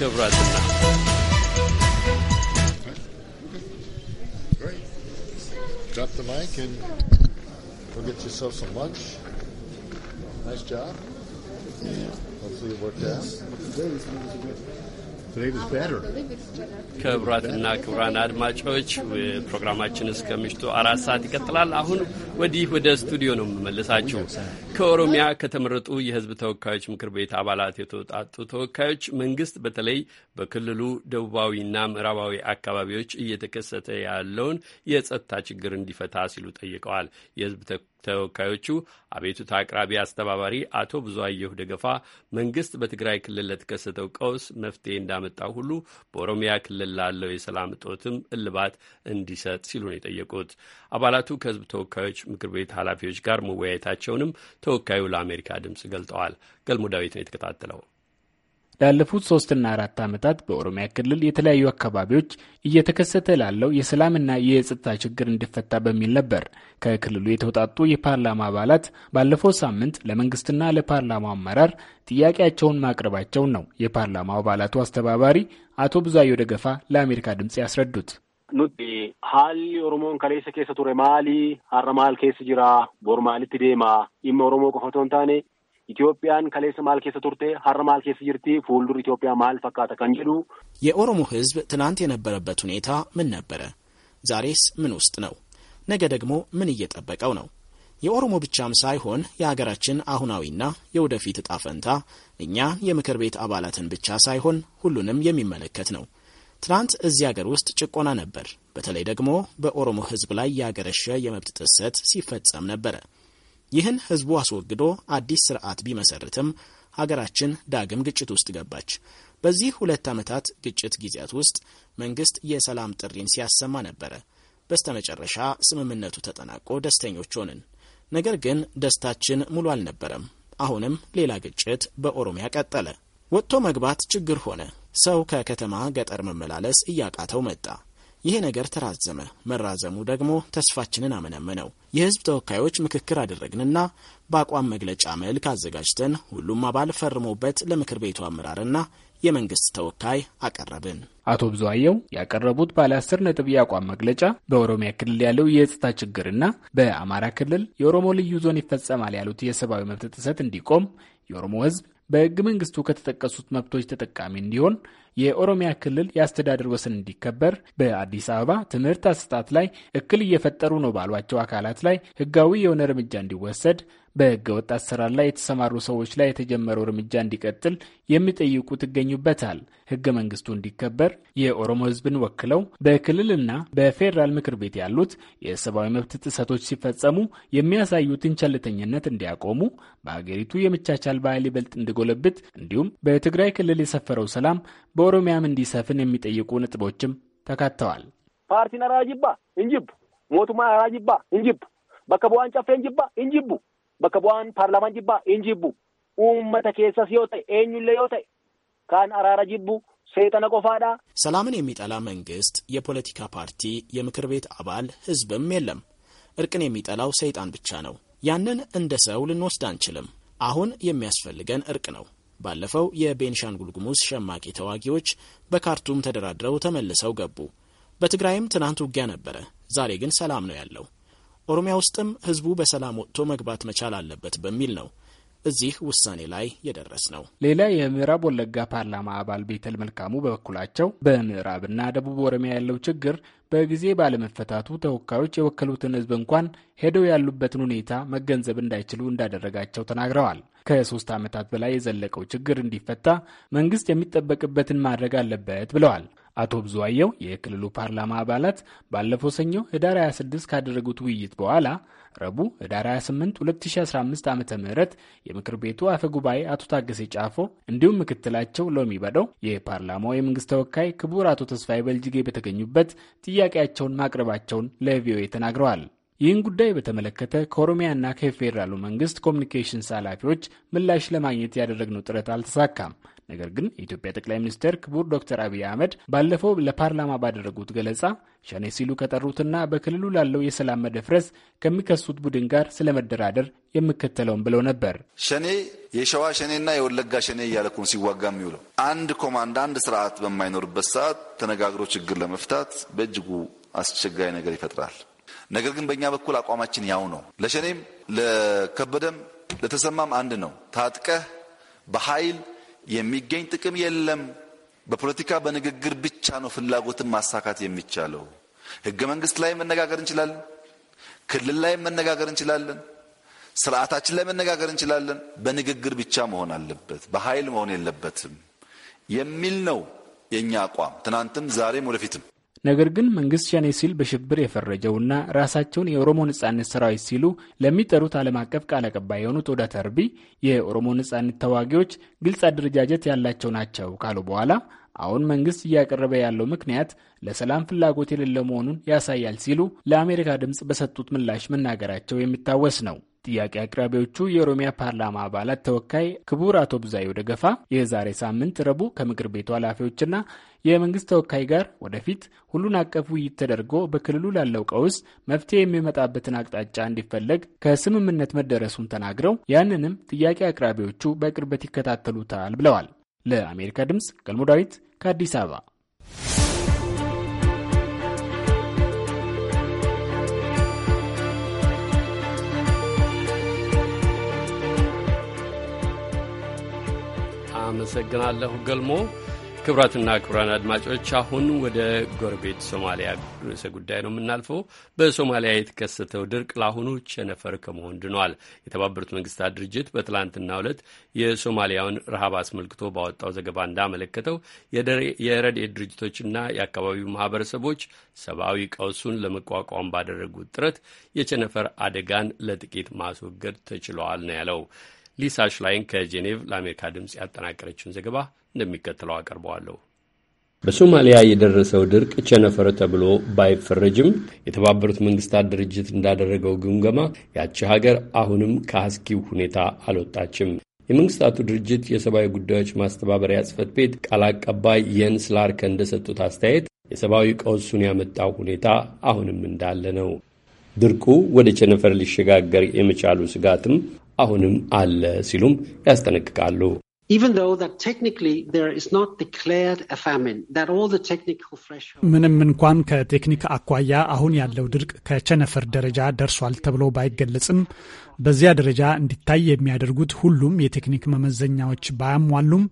S1: ክብራትና
S8: Drop the mic and go get yourself some lunch. Nice job. Yeah.
S12: ክቡራትና ክቡራን
S1: አድማጮች ፕሮግራማችን እስከ ምሽቱ አራት ሰዓት ይቀጥላል። አሁን ወዲህ ወደ ስቱዲዮ ነው የምመልሳችሁ። ከኦሮሚያ ከተመረጡ የሕዝብ ተወካዮች ምክር ቤት አባላት የተወጣጡ ተወካዮች መንግስት በተለይ በክልሉ ደቡባዊና ምዕራባዊ አካባቢዎች እየተከሰተ ያለውን የጸጥታ ችግር እንዲፈታ ሲሉ ጠይቀዋል። የሕዝብ ተወካዮቹ አቤቱታ አቅራቢ አስተባባሪ አቶ አየሁ ደገፋ መንግስት በትግራይ ክልል ለተከሰተው ቀውስ መፍትሄ እንዳመጣው ሁሉ በኦሮሚያ ክልል ላለው የሰላም እጦትም እልባት እንዲሰጥ ሲሉ ነው የጠየቁት። አባላቱ ከህዝብ ተወካዮች ምክር ቤት ኃላፊዎች ጋር መወያየታቸውንም ተወካዩ ለአሜሪካ ድምፅ ገልጠዋል። ገልሞ ዳዊት ነው የተከታተለው።
S10: ላለፉት ሶስትና አራት ዓመታት በኦሮሚያ ክልል የተለያዩ አካባቢዎች እየተከሰተ ላለው የሰላምና የጸጥታ ችግር እንዲፈታ በሚል ነበር ከክልሉ የተውጣጡ የፓርላማ አባላት ባለፈው ሳምንት ለመንግስትና ለፓርላማው አመራር ጥያቄያቸውን ማቅረባቸውን ነው የፓርላማው አባላቱ አስተባባሪ አቶ ብዙአየሁ ደገፋ ለአሜሪካ ድምፅ ያስረዱት። ኑቲ ሀሊ ኦሮሞን ከሌሰ ኬሰ ቱሬ ማሊ ሀረማል ኬስ ጅራ ቦርማሊት ዴማ ኢመ ኦሮሞ ቆፈቶን ታኔ ኢትዮጵያን ከሌስ ማል ኬሰ ቱርቴ ሀረ ማል ኬስ ጅርቲ ፉልዱር ኢትዮጵያ መሀል ፈካተ ከን
S9: የኦሮሞ ህዝብ ትናንት የነበረበት ሁኔታ ምን ነበረ? ዛሬስ ምን ውስጥ ነው? ነገ ደግሞ ምን እየጠበቀው ነው? የኦሮሞ ብቻም ሳይሆን የሀገራችን አሁናዊና የወደፊት እጣ ፈንታ እኛ የምክር ቤት አባላትን ብቻ ሳይሆን ሁሉንም የሚመለከት ነው። ትናንት እዚህ አገር ውስጥ ጭቆና ነበር። በተለይ ደግሞ በኦሮሞ ህዝብ ላይ ያገረሸ የመብት ጥሰት ሲፈጸም ነበረ። ይህን ህዝቡ አስወግዶ አዲስ ስርዓት ቢመሰርትም ሀገራችን ዳግም ግጭት ውስጥ ገባች። በዚህ ሁለት ዓመታት ግጭት ጊዜያት ውስጥ መንግስት የሰላም ጥሪን ሲያሰማ ነበረ። በስተመጨረሻ ስምምነቱ ተጠናቆ ደስተኞች ሆንን። ነገር ግን ደስታችን ሙሉ አልነበረም። አሁንም ሌላ ግጭት በኦሮሚያ ቀጠለ። ወጥቶ መግባት ችግር ሆነ። ሰው ከከተማ ገጠር መመላለስ እያቃተው መጣ። ይሄ ነገር ተራዘመ። መራዘሙ ደግሞ ተስፋችንን አመነመነው። የህዝብ ተወካዮች ምክክር አደረግንና በአቋም መግለጫ መልክ አዘጋጅተን ሁሉም አባል ፈርሞበት ለምክር ቤቱ
S10: አመራርና የመንግስት ተወካይ አቀረብን። አቶ ብዙአየው ያቀረቡት ባለ አስር ነጥብ የአቋም መግለጫ በኦሮሚያ ክልል ያለው የጸጥታ ችግርና በአማራ ክልል የኦሮሞ ልዩ ዞን ይፈጸማል ያሉት የሰብአዊ መብት ጥሰት እንዲቆም የኦሮሞ ህዝብ በህገ መንግስቱ ከተጠቀሱት መብቶች ተጠቃሚ እንዲሆን፣ የኦሮሚያ ክልል የአስተዳደር ወሰን እንዲከበር፣ በአዲስ አበባ ትምህርት አሰጣጥ ላይ እክል እየፈጠሩ ነው ባሏቸው አካላት ላይ ህጋዊ የሆነ እርምጃ እንዲወሰድ ወጥ አሰራር ላይ የተሰማሩ ሰዎች ላይ የተጀመረው እርምጃ እንዲቀጥል የሚጠይቁ ትገኙበታል። ህገ መንግስቱ እንዲከበር የኦሮሞ ህዝብን ወክለው በክልልና በፌዴራል ምክር ቤት ያሉት የሰብአዊ መብት ጥሰቶች ሲፈጸሙ የሚያሳዩትን ቸልተኝነት እንዲያቆሙ፣ በሀገሪቱ የመቻቻል ባህል ይበልጥ እንዲጎለብት እንዲሁም በትግራይ ክልል የሰፈረው ሰላም በኦሮሚያም እንዲሰፍን የሚጠይቁ ንጥቦችም ተካተዋል።
S9: ፓርቲን እንጅብ ሞቱማ ራጅባ እንጅብ በከበዋን ጨፌ እንጅባ እንጅቡ bakka bu'aan paarlaamaan jibbaa hin jibbu uummata keessas yoo ta'e eenyullee yoo ta'e kaan araara jibbu seexana qofaadha. ሰላምን የሚጠላ መንግስት፣ የፖለቲካ ፓርቲ፣ የምክር ቤት አባል፣ ህዝብም የለም። እርቅን የሚጠላው ሰይጣን ብቻ ነው። ያንን እንደ ሰው ልንወስድ አንችልም። አሁን የሚያስፈልገን እርቅ ነው። ባለፈው የቤንሻንጉል ጉሙዝ ሸማቂ ተዋጊዎች በካርቱም ተደራድረው ተመልሰው ገቡ። በትግራይም ትናንት ውጊያ ነበረ። ዛሬ ግን ሰላም ነው ያለው። ኦሮሚያ ውስጥም ህዝቡ በሰላም ወጥቶ መግባት መቻል አለበት በሚል ነው እዚህ ውሳኔ ላይ የደረስ ነው።
S10: ሌላ የምዕራብ ወለጋ ፓርላማ አባል ቤተል መልካሙ በበኩላቸው በምዕራብና ደቡብ ኦሮሚያ ያለው ችግር በጊዜ ባለመፈታቱ ተወካዮች የወከሉትን ህዝብ እንኳን ሄደው ያሉበትን ሁኔታ መገንዘብ እንዳይችሉ እንዳደረጋቸው ተናግረዋል። ከሶስት ዓመታት በላይ የዘለቀው ችግር እንዲፈታ መንግስት የሚጠበቅበትን ማድረግ አለበት ብለዋል። አቶ ብዙአየው የክልሉ ፓርላማ አባላት ባለፈው ሰኞ ህዳር 26 ካደረጉት ውይይት በኋላ ረቡዕ ህዳር 28 2015 ዓ ም የምክር ቤቱ አፈ ጉባኤ አቶ ታገሴ ጫፎ እንዲሁም ምክትላቸው ሎሚ በደው የፓርላማው የመንግስት ተወካይ ክቡር አቶ ተስፋዬ በልጅጌ በተገኙበት ጥያቄያቸውን ማቅረባቸውን ለቪኦኤ ተናግረዋል። ይህን ጉዳይ በተመለከተ ከኦሮሚያና ከፌዴራሉ መንግስት ኮሚኒኬሽንስ ኃላፊዎች ምላሽ ለማግኘት ያደረግነው ጥረት አልተሳካም። ነገር ግን የኢትዮጵያ ጠቅላይ ሚኒስትር ክቡር ዶክተር አብይ አህመድ ባለፈው ለፓርላማ ባደረጉት ገለጻ ሸኔ ሲሉ ከጠሩትና በክልሉ ላለው የሰላም መደፍረስ ከሚከሱት ቡድን ጋር ስለ መደራደር የሚከተለውን ብለው ነበር።
S4: ሸኔ የሸዋ ሸኔና የወለጋ ሸኔ እያለኩን ሲዋጋ የሚውለው አንድ ኮማንድ፣ አንድ ስርዓት በማይኖርበት ሰዓት ተነጋግሮ ችግር ለመፍታት በእጅጉ አስቸጋሪ ነገር ይፈጥራል። ነገር ግን በእኛ በኩል አቋማችን ያው ነው። ለሸኔም ለከበደም ለተሰማም አንድ ነው። ታጥቀህ በኃይል የሚገኝ ጥቅም የለም። በፖለቲካ በንግግር ብቻ ነው ፍላጎትን ማሳካት የሚቻለው። ህገ መንግስት ላይ መነጋገር እንችላለን። ክልል ላይ መነጋገር እንችላለን። ስርዓታችን ላይ መነጋገር እንችላለን። በንግግር ብቻ መሆን አለበት፣ በኃይል መሆን የለበትም የሚል ነው የእኛ አቋም ትናንትም ዛሬም ወደፊትም
S10: ነገር ግን መንግስት ሸኔ ሲል በሽብር የፈረጀውና ራሳቸውን የኦሮሞ ነጻነት ሰራዊት ሲሉ ለሚጠሩት ዓለም አቀፍ ቃል አቀባይ የሆኑት ኦዳ ተርቢ የኦሮሞ ነጻነት ተዋጊዎች ግልጽ አደረጃጀት ያላቸው ናቸው ካሉ በኋላ አሁን መንግስት እያቀረበ ያለው ምክንያት ለሰላም ፍላጎት የሌለው መሆኑን ያሳያል ሲሉ ለአሜሪካ ድምፅ በሰጡት ምላሽ መናገራቸው የሚታወስ ነው። ጥያቄ አቅራቢዎቹ የኦሮሚያ ፓርላማ አባላት ተወካይ ክቡር አቶ ብዛዩ ደገፋ የዛሬ ሳምንት ረቡዕ ከምክር ቤቱ ኃላፊዎችና የመንግስት ተወካይ ጋር ወደፊት ሁሉን አቀፍ ውይይት ተደርጎ በክልሉ ላለው ቀውስ መፍትሄ የሚመጣበትን አቅጣጫ እንዲፈለግ ከስምምነት መደረሱን ተናግረው ያንንም ጥያቄ አቅራቢዎቹ በቅርበት ይከታተሉታል ብለዋል። ለአሜሪካ ድምፅ ገልሞ ዳዊት ከአዲስ አበባ
S1: አመሰግናለሁ ገልሞ። ክቡራትና ክቡራን አድማጮች አሁን ወደ ጎረቤት ሶማሊያ ርዕሰ ጉዳይ ነው የምናልፈው። በሶማሊያ የተከሰተው ድርቅ ለአሁኑ ቸነፈር ከመሆን ድኗል። የተባበሩት መንግስታት ድርጅት በትላንትናው ዕለት የሶማሊያውን ረሃብ አስመልክቶ ባወጣው ዘገባ እንዳመለከተው የረድኤት ድርጅቶችና የአካባቢው ማህበረሰቦች ሰብአዊ ቀውሱን ለመቋቋም ባደረጉት ጥረት የቸነፈር አደጋን ለጥቂት ማስወገድ ተችሏል ነው ያለው። ሊሳ ሽላይን ከጄኔቭ ለአሜሪካ ድምፅ ያጠናቀረችውን ዘገባ እንደሚከተለው አቀርበዋለሁ። በሶማሊያ የደረሰው ድርቅ ቸነፈር ተብሎ ባይፈረጅም የተባበሩት መንግስታት ድርጅት እንዳደረገው ግምገማ ያቺ ሀገር አሁንም ከአስጊው ሁኔታ አልወጣችም። የመንግስታቱ ድርጅት የሰብአዊ ጉዳዮች ማስተባበሪያ ጽህፈት ቤት ቃል አቀባይ የንስ ላርከ እንደሰጡት አስተያየት የሰብአዊ ቀውሱን ያመጣው ሁኔታ አሁንም እንዳለ ነው። ድርቁ ወደ ቸነፈር ሊሸጋገር የመቻሉ ስጋትም አሁንም አለ ሲሉም ያስጠነቅቃሉ።
S6: ምንም እንኳን ከቴክኒክ አኳያ አሁን ያለው ድርቅ ከቸነፈር ደረጃ ደርሷል ተብሎ ባይገለጽም በዚያ ደረጃ እንዲታይ የሚያደርጉት ሁሉም የቴክኒክ መመዘኛዎች ባያሟሉም፣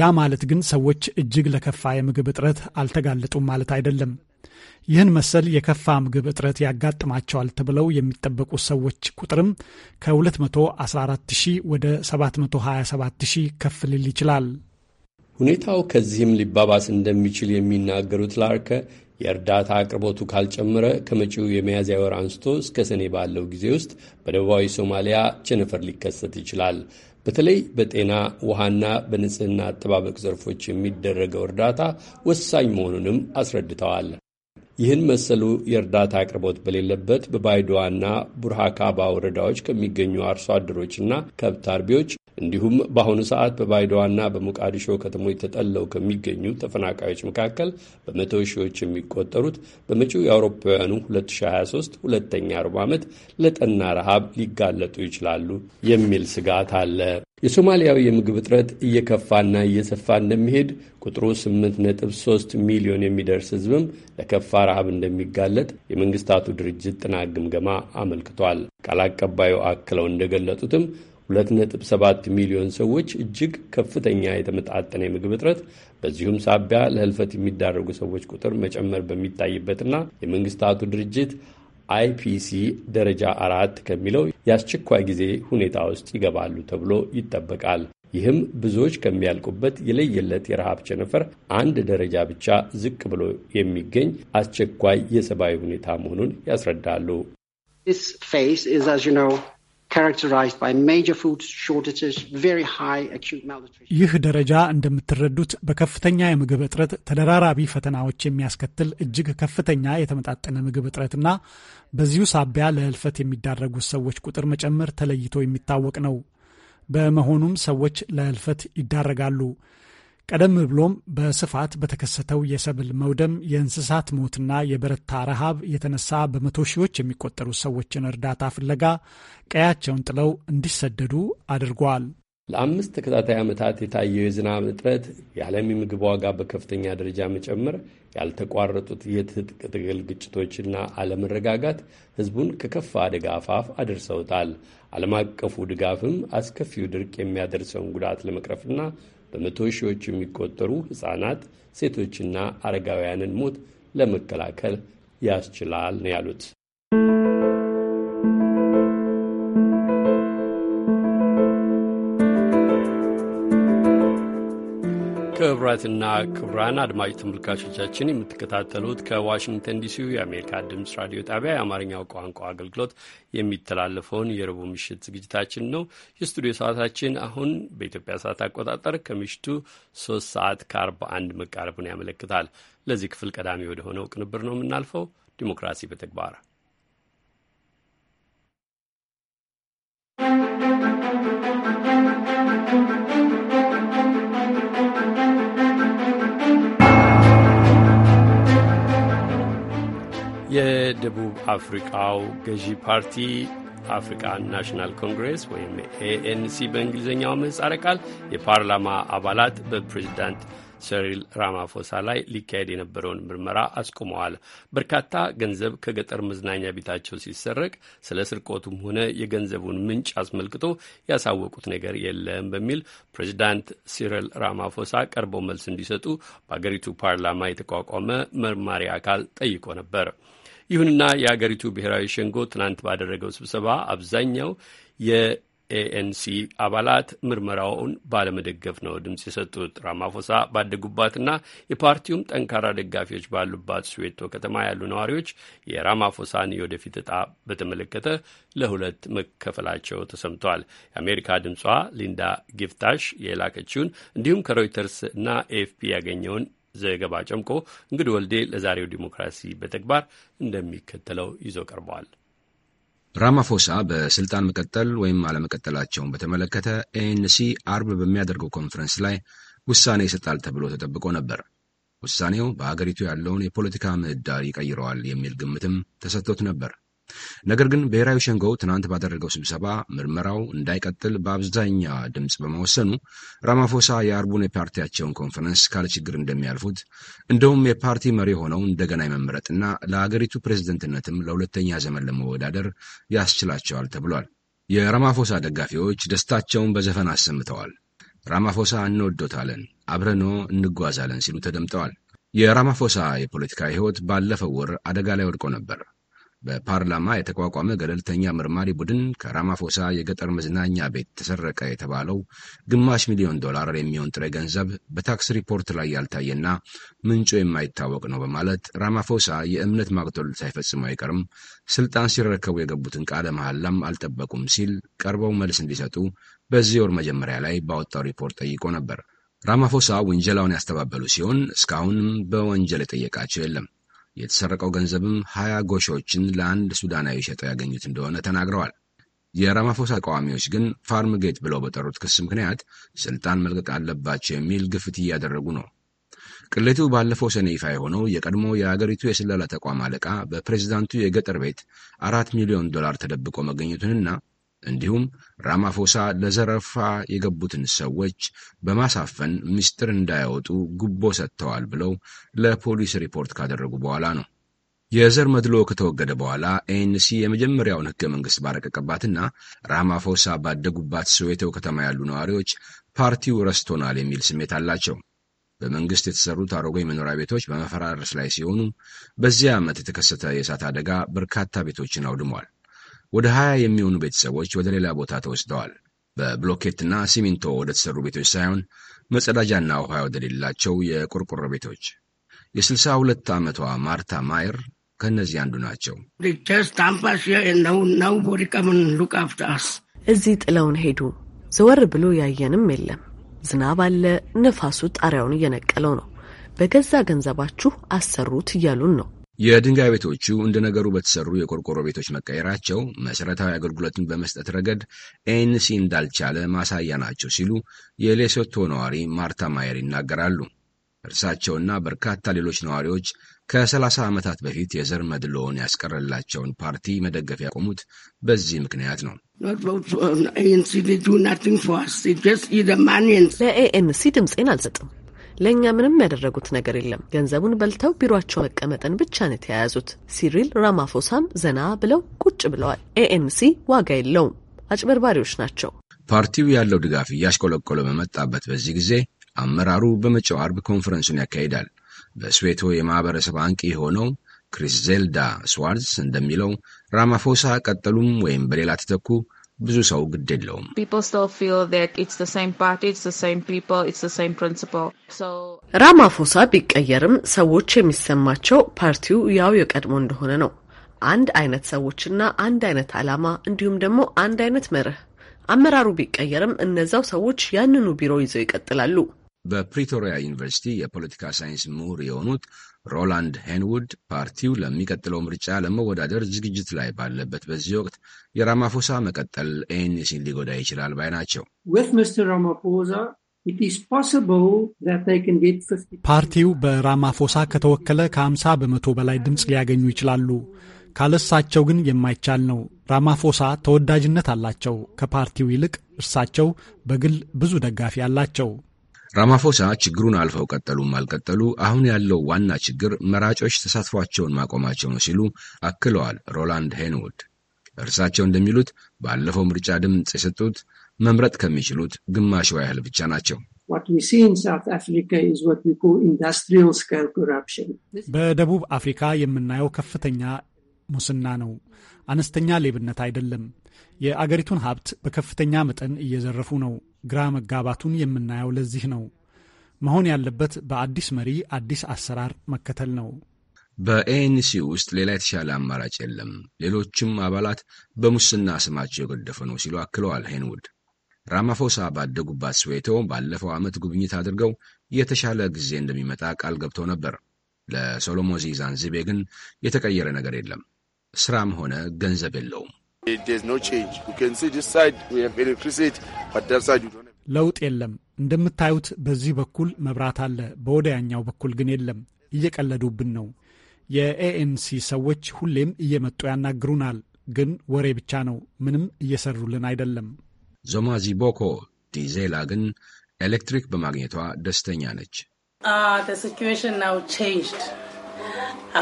S6: ያ ማለት ግን ሰዎች እጅግ ለከፋ የምግብ እጥረት አልተጋለጡም ማለት አይደለም። ይህን መሰል የከፋ ምግብ እጥረት ያጋጥማቸዋል ተብለው የሚጠበቁ ሰዎች ቁጥርም ከ214 ሺህ ወደ 727 ሺህ ከፍ ሊል ይችላል።
S1: ሁኔታው ከዚህም ሊባባስ እንደሚችል የሚናገሩት ላርከ የእርዳታ አቅርቦቱ ካልጨመረ ከመጪው የሚያዝያ ወር አንስቶ እስከ ሰኔ ባለው ጊዜ ውስጥ በደቡባዊ ሶማሊያ ቸነፈር ሊከሰት ይችላል። በተለይ በጤና ውሃና በንጽህና አጠባበቅ ዘርፎች የሚደረገው እርዳታ ወሳኝ መሆኑንም አስረድተዋል። ይህን መሰሉ የእርዳታ አቅርቦት በሌለበት በባይዶዋና ቡርሃካባ ወረዳዎች ከሚገኙ አርሶ አደሮችና ከብት አርቢዎች እንዲሁም በአሁኑ ሰዓት በባይዶዋና በሞቃዲሾ ከተሞች ተጠለው ከሚገኙ ተፈናቃዮች መካከል በመቶ ሺዎች የሚቆጠሩት በመጪው የአውሮፓውያኑ 2023 ሁለተኛ ሩብ ዓመት ለጠና ረሃብ ሊጋለጡ ይችላሉ የሚል ስጋት አለ። የሶማሊያዊ የምግብ እጥረት እየከፋና እየሰፋ እንደሚሄድ ቁጥሩ 8.3 ሚሊዮን የሚደርስ ሕዝብም ለከፋ ረሃብ እንደሚጋለጥ የመንግስታቱ ድርጅት ጥናት ግምገማ አመልክቷል። ቃል አቀባዩ አክለው እንደገለጡትም 2.7 ሚሊዮን ሰዎች እጅግ ከፍተኛ የተመጣጠነ የምግብ እጥረት በዚሁም ሳቢያ ለህልፈት የሚዳረጉ ሰዎች ቁጥር መጨመር በሚታይበትና የመንግስታቱ ድርጅት አይፒሲ ደረጃ አራት ከሚለው የአስቸኳይ ጊዜ ሁኔታ ውስጥ ይገባሉ ተብሎ ይጠበቃል። ይህም ብዙዎች ከሚያልቁበት የለየለት የረሃብ ቸነፈር አንድ ደረጃ ብቻ ዝቅ ብሎ የሚገኝ አስቸኳይ የሰብአዊ ሁኔታ መሆኑን ያስረዳሉ። ይህ ደረጃ
S6: እንደምትረዱት በከፍተኛ የምግብ እጥረት ተደራራቢ ፈተናዎች የሚያስከትል እጅግ ከፍተኛ የተመጣጠነ ምግብ እጥረትና በዚሁ ሳቢያ ለህልፈት የሚዳረጉት ሰዎች ቁጥር መጨመር ተለይቶ የሚታወቅ ነው። በመሆኑም ሰዎች ለህልፈት ይዳረጋሉ። ቀደም ብሎም በስፋት በተከሰተው የሰብል መውደም፣ የእንስሳት ሞትና የበረታ ረሃብ የተነሳ በመቶ ሺዎች የሚቆጠሩ ሰዎችን እርዳታ ፍለጋ ቀያቸውን ጥለው እንዲሰደዱ አድርጓል።
S1: ለአምስት ተከታታይ ዓመታት የታየው የዝናብ እጥረት፣ የዓለም የምግብ ዋጋ በከፍተኛ ደረጃ መጨመር፣ ያልተቋረጡት የትጥቅ ትግል ግጭቶችና አለመረጋጋት ሕዝቡን ከከፋ አደጋ አፋፍ አድርሰውታል። ዓለም አቀፉ ድጋፍም አስከፊው ድርቅ የሚያደርሰውን ጉዳት ለመቅረፍና በመቶ ሺዎች የሚቆጠሩ ሕፃናት ሴቶችና አረጋውያንን ሞት ለመከላከል ያስችላል ነው ያሉት። ክቡራትና ክቡራን አድማጭ ተመልካቾቻችን የምትከታተሉት ከዋሽንግተን ዲሲው የአሜሪካ ድምፅ ራዲዮ ጣቢያ የአማርኛው ቋንቋ አገልግሎት የሚተላለፈውን የረቡዕ ምሽት ዝግጅታችን ነው። የስቱዲዮ ሰዓታችን አሁን በኢትዮጵያ ሰዓት አቆጣጠር ከምሽቱ ሶስት ሰዓት ከአርባ አንድ መቃረቡን ያመለክታል። ለዚህ ክፍል ቀዳሚ ወደ ሆነው ቅንብር ነው የምናልፈው ዲሞክራሲ በተግባር የደቡብ አፍሪቃው ገዢ ፓርቲ አፍሪካ ናሽናል ኮንግሬስ ወይም ኤኤንሲ በእንግሊዝኛው ምህጻረ ቃል የፓርላማ አባላት በፕሬዚዳንት ሰሪል ራማፎሳ ላይ ሊካሄድ የነበረውን ምርመራ አስቁመዋል። በርካታ ገንዘብ ከገጠር መዝናኛ ቤታቸው ሲሰረቅ ስለ ስርቆቱም ሆነ የገንዘቡን ምንጭ አስመልክቶ ያሳወቁት ነገር የለም በሚል ፕሬዚዳንት ሲሪል ራማፎሳ ቀርበው መልስ እንዲሰጡ በአገሪቱ ፓርላማ የተቋቋመ መርማሪ አካል ጠይቆ ነበር። ይሁንና የአገሪቱ ብሔራዊ ሸንጎ ትናንት ባደረገው ስብሰባ አብዛኛው የኤኤንሲ አባላት ምርመራውን ባለመደገፍ ነው ድምፅ የሰጡት። ራማፎሳ ባደጉባትና የፓርቲውም ጠንካራ ደጋፊዎች ባሉባት ስዌቶ ከተማ ያሉ ነዋሪዎች የራማፎሳን የወደፊት እጣ በተመለከተ ለሁለት መከፈላቸው ተሰምቷል። የአሜሪካ ድምጿ ሊንዳ ጊፍታሽ የላከችውን እንዲሁም ከሮይተርስ እና ኤኤፍፒ ያገኘውን ዘገባ ጨምቆ እንግዲህ ወልዴ ለዛሬው ዲሞክራሲ በተግባር እንደሚከተለው ይዞ ቀርበዋል።
S4: ራማፎሳ በስልጣን መቀጠል ወይም አለመቀጠላቸውን በተመለከተ ኤንሲ አርብ በሚያደርገው ኮንፈረንስ ላይ ውሳኔ ይሰጣል ተብሎ ተጠብቆ ነበር። ውሳኔው በአገሪቱ ያለውን የፖለቲካ ምህዳር ይቀይረዋል የሚል ግምትም ተሰጥቶት ነበር። ነገር ግን ብሔራዊ ሸንጎው ትናንት ባደረገው ስብሰባ ምርመራው እንዳይቀጥል በአብዛኛ ድምፅ በመወሰኑ ራማፎሳ የአርቡን የፓርቲያቸውን ኮንፈረንስ ካለ ችግር እንደሚያልፉት እንደውም የፓርቲ መሪ ሆነው እንደገና የመመረጥና ለአገሪቱ ፕሬዝደንትነትም ለሁለተኛ ዘመን ለመወዳደር ያስችላቸዋል ተብሏል። የራማፎሳ ደጋፊዎች ደስታቸውን በዘፈን አሰምተዋል። ራማፎሳ እንወዶታለን፣ አብረኖ እንጓዛለን ሲሉ ተደምጠዋል። የራማፎሳ የፖለቲካ ሕይወት ባለፈው ወር አደጋ ላይ ወድቆ ነበር። በፓርላማ የተቋቋመ ገለልተኛ መርማሪ ቡድን ከራማፎሳ የገጠር መዝናኛ ቤት ተሰረቀ የተባለው ግማሽ ሚሊዮን ዶላር የሚሆን ጥሬ ገንዘብ በታክስ ሪፖርት ላይ ያልታየና ምንጩ የማይታወቅ ነው በማለት ራማፎሳ የእምነት ማጉደል ሳይፈጽሙ አይቀርም፣ ስልጣን ሲረከቡ የገቡትን ቃለ መሐላም አልጠበቁም ሲል ቀርበው መልስ እንዲሰጡ በዚህ ወር መጀመሪያ ላይ ባወጣው ሪፖርት ጠይቆ ነበር። ራማፎሳ ውንጀላውን ያስተባበሉ ሲሆን እስካሁንም በወንጀል የጠየቃቸው የለም። የተሰረቀው ገንዘብም ሀያ ጎሾዎችን ለአንድ ሱዳናዊ ሸጠው ያገኙት እንደሆነ ተናግረዋል። የራማፎሳ ተቃዋሚዎች ግን ፋርም ጌት ብለው በጠሩት ክስ ምክንያት ስልጣን መልቀቅ አለባቸው የሚል ግፍት እያደረጉ ነው። ቅሌቱ ባለፈው ሰኔ ይፋ የሆነው የቀድሞ የአገሪቱ የስለላ ተቋም አለቃ በፕሬዚዳንቱ የገጠር ቤት አራት ሚሊዮን ዶላር ተደብቆ መገኘቱንና እንዲሁም ራማፎሳ ለዘረፋ የገቡትን ሰዎች በማሳፈን ምስጢር እንዳያወጡ ጉቦ ሰጥተዋል ብለው ለፖሊስ ሪፖርት ካደረጉ በኋላ ነው። የዘር መድሎ ከተወገደ በኋላ ኤንሲ የመጀመሪያውን ህገ መንግስት ባረቀቀባትና ራማፎሳ ባደጉባት ሶዌቶ ከተማ ያሉ ነዋሪዎች ፓርቲው ረስቶናል የሚል ስሜት አላቸው። በመንግስት የተሰሩት አሮጌ መኖሪያ ቤቶች በመፈራረስ ላይ ሲሆኑ፣ በዚህ ዓመት የተከሰተ የእሳት አደጋ በርካታ ቤቶችን አውድሟል። ወደ 20 የሚሆኑ ቤተሰቦች ወደ ሌላ ቦታ ተወስደዋል። በብሎኬትና ሲሚንቶ ወደ ተሰሩ ቤቶች ሳይሆን መጸዳጃና ውሃ ወደሌላቸው የቆርቆሮ ቤቶች። የ የ62 ዓመቷ ማርታ ማየር
S5: ከእነዚህ አንዱ ናቸው። እዚህ ጥለውን ሄዱ። ዘወር ብሎ ያየንም የለም። ዝናብ አለ። ነፋሱ ጣሪያውን እየነቀለው ነው። በገዛ ገንዘባችሁ አሰሩት እያሉን ነው።
S4: የድንጋይ ቤቶቹ እንደ ነገሩ በተሰሩ የቆርቆሮ ቤቶች መቀየራቸው መሠረታዊ አገልግሎትን በመስጠት ረገድ ኤንሲ እንዳልቻለ ማሳያ ናቸው ሲሉ የሌሶቶ ነዋሪ ማርታ ማየር ይናገራሉ። እርሳቸውና በርካታ ሌሎች ነዋሪዎች ከ30 ዓመታት በፊት የዘር መድሎውን ያስቀረላቸውን ፓርቲ መደገፍ ያቆሙት በዚህ ምክንያት ነው።
S5: ለኤኤንሲ ድምፄን አልሰጥም ለእኛ ምንም ያደረጉት ነገር የለም። ገንዘቡን በልተው ቢሮቸው መቀመጠን ብቻ ነው የተያያዙት። ሲሪል ራማፎሳም ዘና ብለው ቁጭ ብለዋል። ኤኤንሲ ዋጋ የለውም፣ አጭበርባሪዎች ናቸው።
S4: ፓርቲው ያለው ድጋፍ እያሽቆለቆለ በመጣበት በዚህ ጊዜ አመራሩ በመጪው አርብ ኮንፈረንሱን ያካሂዳል። በስዌቶ የማህበረሰብ አንቂ የሆነው ክሪስ ዜልዳ ስዋርዝ እንደሚለው ራማፎሳ ቀጠሉም ወይም በሌላ ተተኩ ብዙ ሰው
S5: ግድ የለውም። ራማፎሳ ቢቀየርም ሰዎች የሚሰማቸው ፓርቲው ያው የቀድሞ እንደሆነ ነው። አንድ አይነት ሰዎችና አንድ አይነት ዓላማ እንዲሁም ደግሞ አንድ አይነት መርህ። አመራሩ ቢቀየርም እነዛው ሰዎች ያንኑ ቢሮ ይዘው ይቀጥላሉ። በፕሪቶሪያ
S4: ዩኒቨርሲቲ የፖለቲካ ሳይንስ ምሁር የሆኑት ሮላንድ ሄንውድ ፓርቲው ለሚቀጥለው ምርጫ ለመወዳደር ዝግጅት ላይ ባለበት በዚህ ወቅት የራማፎሳ መቀጠል ኤንሲን ሊጎዳ ይችላል ባይ ናቸው።
S6: ፓርቲው በራማፎሳ ከተወከለ ከ50 በመቶ በላይ ድምፅ ሊያገኙ ይችላሉ። ካለሳቸው ግን የማይቻል ነው። ራማፎሳ ተወዳጅነት አላቸው። ከፓርቲው ይልቅ እርሳቸው በግል ብዙ ደጋፊ አላቸው።
S4: ራማፎሳ ችግሩን አልፈው ቀጠሉም አልቀጠሉ አሁን ያለው ዋና ችግር መራጮች ተሳትፏቸውን ማቆማቸው ነው ሲሉ አክለዋል ሮላንድ ሄንውድ። እርሳቸው እንደሚሉት ባለፈው ምርጫ ድምፅ የሰጡት መምረጥ ከሚችሉት ግማሽ ያህል ብቻ ናቸው።
S6: በደቡብ አፍሪካ የምናየው ከፍተኛ ሙስና ነው፣ አነስተኛ ሌብነት አይደለም። የአገሪቱን ሀብት በከፍተኛ መጠን እየዘረፉ ነው። ግራ መጋባቱን የምናየው ለዚህ ነው። መሆን ያለበት በአዲስ መሪ አዲስ አሰራር መከተል ነው።
S4: በኤኤንሲ ውስጥ ሌላ የተሻለ አማራጭ የለም። ሌሎችም አባላት በሙስና ስማቸው የጎደፈ ነው ሲሉ አክለዋል ሄንውድ። ራማፎሳ ባደጉባት ስዌቶ ባለፈው ዓመት ጉብኝት አድርገው የተሻለ ጊዜ እንደሚመጣ ቃል ገብተው ነበር። ለሶሎሞዚ ዛንዚቤ ግን የተቀየረ ነገር የለም። ስራም ሆነ ገንዘብ የለውም።
S6: ለውጥ የለም። እንደምታዩት በዚህ በኩል መብራት አለ፣ በወዲያኛው በኩል ግን የለም። እየቀለዱብን ነው። የኤኤንሲ ሰዎች ሁሌም እየመጡ ያናግሩናል፣ ግን ወሬ ብቻ ነው። ምንም እየሰሩልን አይደለም።
S4: ዞማዚ ቦኮ ዲዜላ ግን ኤሌክትሪክ በማግኘቷ ደስተኛ
S2: ነች። ሲቹዌሽን ናው ቼንጅድ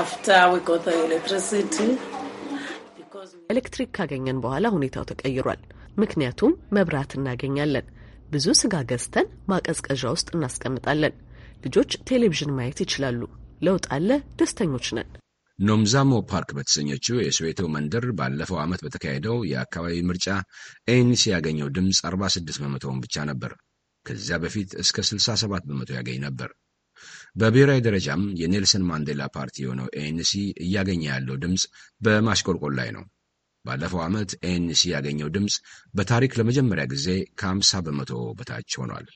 S2: አፍተር ዊ ጎት
S5: ኤሌክትሪሲቲ ኤሌክትሪክ ካገኘን በኋላ ሁኔታው ተቀይሯል። ምክንያቱም መብራት እናገኛለን። ብዙ ስጋ ገዝተን ማቀዝቀዣ ውስጥ እናስቀምጣለን። ልጆች ቴሌቪዥን ማየት ይችላሉ። ለውጥ አለ። ደስተኞች ነን።
S4: ኖምዛሞ ፓርክ በተሰኘችው የስዌቶ መንደር ባለፈው ዓመት በተካሄደው የአካባቢ ምርጫ ኤንሲ ያገኘው ድምፅ 46 በመቶውን ብቻ ነበር። ከዚያ በፊት እስከ 67 በመቶ ያገኝ ነበር። በብሔራዊ ደረጃም የኔልሰን ማንዴላ ፓርቲ የሆነው ኤንሲ እያገኘ ያለው ድምፅ በማሽቆልቆል ላይ ነው። ባለፈው ዓመት ኤንሲ ያገኘው ድምፅ በታሪክ ለመጀመሪያ ጊዜ ከ ከ50 በመቶ በታች ሆኗል።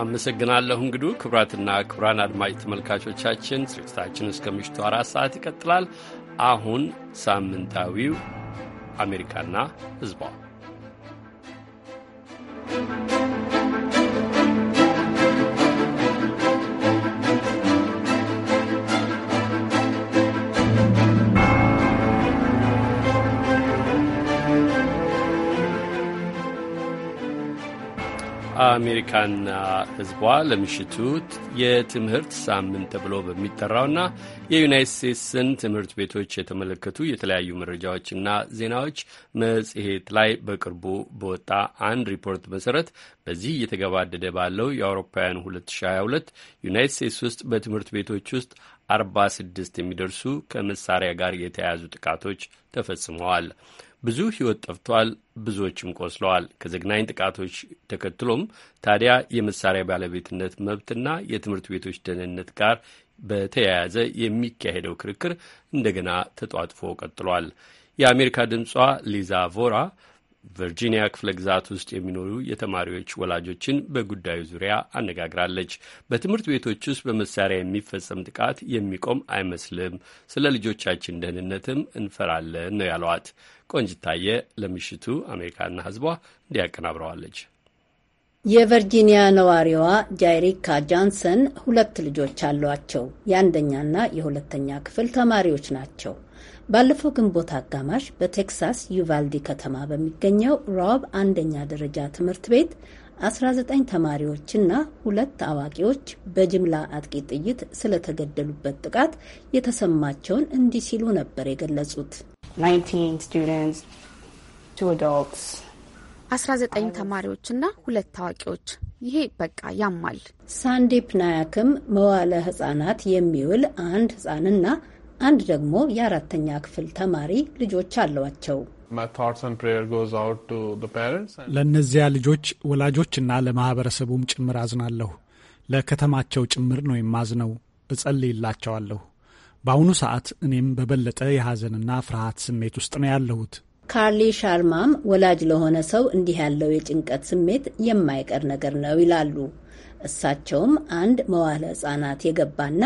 S1: አመሰግናለሁ እንግዱ። ክብራትና ክብራን አድማጭ ተመልካቾቻችን ስርጭታችን እስከ ምሽቱ አራት ሰዓት ይቀጥላል። አሁን ሳምንታዊው አሜሪካና ሕዝቧ አሜሪካና ሕዝቧ ለምሽቱ የትምህርት ሳምንት ተብሎ በሚጠራውና የዩናይት ስቴትስን ትምህርት ቤቶች የተመለከቱ የተለያዩ መረጃዎችና ዜናዎች መጽሔት ላይ በቅርቡ በወጣ አንድ ሪፖርት መሰረት በዚህ እየተገባደደ ባለው የአውሮፓውያን 2022 ዩናይት ስቴትስ ውስጥ በትምህርት ቤቶች ውስጥ 46 የሚደርሱ ከመሳሪያ ጋር የተያያዙ ጥቃቶች ተፈጽመዋል። ብዙ ሕይወት ጠፍቷል፣ ብዙዎችም ቆስለዋል። ከዘግናኝ ጥቃቶች ተከትሎም ታዲያ የመሳሪያ ባለቤትነት መብትና የትምህርት ቤቶች ደህንነት ጋር በተያያዘ የሚካሄደው ክርክር እንደገና ተጧጥፎ ቀጥሏል። የአሜሪካ ድምጿ ሊዛ ቮራ ቨርጂኒያ ክፍለ ግዛት ውስጥ የሚኖሩ የተማሪዎች ወላጆችን በጉዳዩ ዙሪያ አነጋግራለች። በትምህርት ቤቶች ውስጥ በመሳሪያ የሚፈጸም ጥቃት የሚቆም አይመስልም፣ ስለ ልጆቻችን ደህንነትም እንፈራለን ነው ያሏት። ቆንጅታየ ለምሽቱ አሜሪካና ህዝቧ እንዲያቀናብረዋለች።
S2: የቨርጂኒያ ነዋሪዋ ጃይሪካ ጃንሰን ሁለት ልጆች አሏቸው። የአንደኛና የሁለተኛ ክፍል ተማሪዎች ናቸው። ባለፈው ግንቦት አጋማሽ በቴክሳስ ዩቫልዲ ከተማ በሚገኘው ሮብ አንደኛ ደረጃ ትምህርት ቤት 19 ተማሪዎችና ሁለት አዋቂዎች በጅምላ አጥቂ ጥይት ስለተገደሉበት ጥቃት የተሰማቸውን እንዲህ ሲሉ ነበር የገለጹት። 19
S7: ተማሪዎችና ሁለት ታዋቂዎች ይሄ በቃ ያማል።
S2: ሳንዲፕ ናያክም መዋለ ህጻናት የሚውል አንድ ህጻንና አንድ ደግሞ የአራተኛ ክፍል ተማሪ ልጆች አሏቸው።
S8: ለእነዚያ
S6: ልጆች ወላጆችና ለማኅበረሰቡም ጭምር አዝናለሁ። ለከተማቸው ጭምር ነው የማዝነው። እጸልይላቸዋለሁ። በአሁኑ ሰዓት እኔም በበለጠ የሐዘንና ፍርሃት ስሜት ውስጥ ነው ያለሁት።
S2: ካርሊ ሻርማም ወላጅ ለሆነ ሰው እንዲህ ያለው የጭንቀት ስሜት የማይቀር ነገር ነው ይላሉ። እሳቸውም አንድ መዋለ ሕፃናት የገባና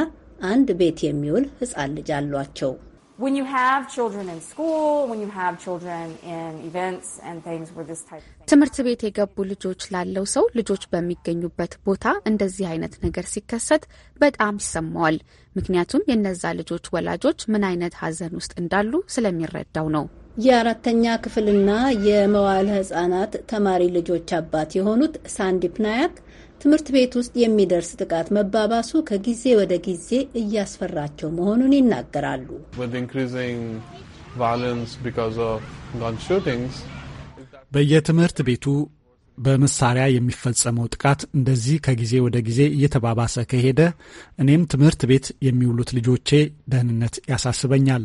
S2: አንድ ቤት የሚውል ሕፃን ልጅ አሏቸው።
S13: when you have children in school, when you have children in events and things where this type of thing.
S7: ትምህርት ቤት የገቡ ልጆች ላለው ሰው ልጆች በሚገኙበት ቦታ እንደዚህ አይነት ነገር ሲከሰት በጣም ይሰማዋል። ምክንያቱም የነዛ ልጆች ወላጆች ምን አይነት ሀዘን ውስጥ እንዳሉ ስለሚረዳው ነው።
S2: የአራተኛ ክፍልና የመዋዕለ ህጻናት ተማሪ ልጆች አባት የሆኑት ሳንዲፕ ናያክ ትምህርት ቤት ውስጥ የሚደርስ ጥቃት መባባሱ ከጊዜ ወደ ጊዜ እያስፈራቸው መሆኑን ይናገራሉ።
S6: በየትምህርት ቤቱ በመሳሪያ የሚፈጸመው ጥቃት እንደዚህ ከጊዜ ወደ ጊዜ እየተባባሰ ከሄደ እኔም ትምህርት ቤት የሚውሉት ልጆቼ ደህንነት ያሳስበኛል።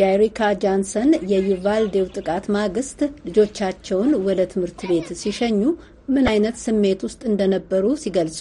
S2: ጃይሪካ ጃንሰን የዩቫልዴው ጥቃት ማግስት ልጆቻቸውን ወደ ትምህርት ቤት ሲሸኙ ምን አይነት ስሜት ውስጥ እንደነበሩ ሲገልጹ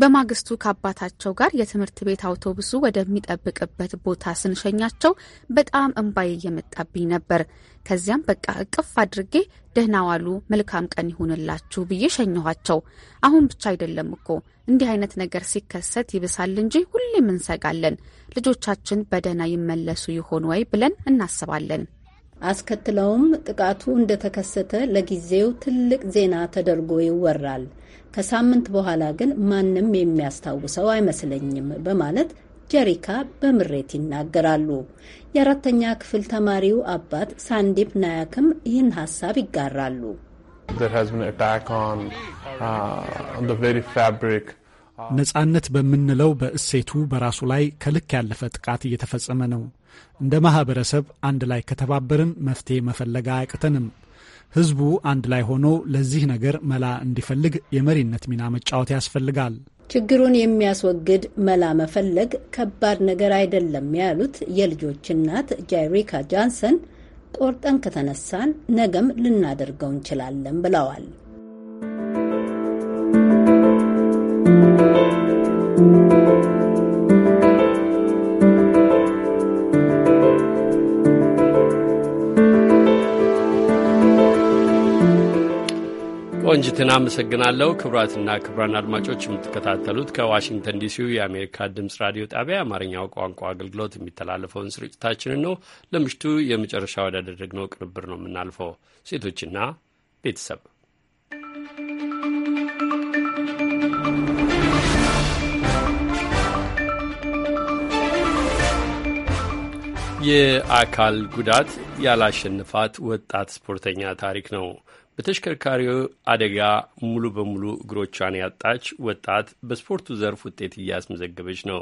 S2: በማግስቱ ከአባታቸው ጋር የትምህርት ቤት
S7: አውቶቡሱ ወደሚጠብቅበት ቦታ ስንሸኛቸው በጣም እምባዬ እየመጣብኝ ነበር። ከዚያም በቃ እቅፍ አድርጌ ደህና ዋሉ፣ መልካም ቀን ይሁንላችሁ ብዬ ሸኘኋቸው። አሁን ብቻ አይደለም እኮ እንዲህ አይነት ነገር ሲከሰት ይብሳል እንጂ ሁሌም
S2: እንሰጋለን። ልጆቻችን በደህና ይመለሱ ይሆን ወይ ብለን እናስባለን። አስከትለውም ጥቃቱ እንደተከሰተ ለጊዜው ትልቅ ዜና ተደርጎ ይወራል። ከሳምንት በኋላ ግን ማንም የሚያስታውሰው አይመስለኝም በማለት ጀሪካ በምሬት ይናገራሉ። የአራተኛ ክፍል ተማሪው አባት ሳንዲፕ ናያክም ይህን ሀሳብ ይጋራሉ።
S8: uh,
S6: ነጻነት በምንለው በእሴቱ በራሱ ላይ ከልክ ያለፈ ጥቃት እየተፈጸመ ነው። እንደ ማህበረሰብ አንድ ላይ ከተባበርን መፍትሄ መፈለግ አያቅተንም። ህዝቡ አንድ ላይ ሆኖ ለዚህ ነገር መላ እንዲፈልግ የመሪነት ሚና መጫወት ያስፈልጋል።
S2: ችግሩን የሚያስወግድ መላ መፈለግ ከባድ ነገር አይደለም ያሉት የልጆች እናት ጃይሪካ ጃንሰን ቆርጠን ከተነሳን ነገም ልናደርገው እንችላለን ብለዋል። Thank you.
S1: ቆንጅትን አመሰግናለሁ። ክቡራትና ክቡራን አድማጮች የምትከታተሉት ከዋሽንግተን ዲሲው የአሜሪካ ድምፅ ራዲዮ ጣቢያ የአማርኛው ቋንቋ አገልግሎት የሚተላለፈውን ስርጭታችንን ነው። ለምሽቱ የመጨረሻ ወዳደረግነው ቅንብር ነው የምናልፈው። ሴቶችና ቤተሰብ የአካል ጉዳት ያላሸንፋት ወጣት ስፖርተኛ ታሪክ ነው። በተሽከርካሪው አደጋ ሙሉ በሙሉ እግሮቿን ያጣች ወጣት በስፖርቱ ዘርፍ ውጤት እያስመዘገበች ነው።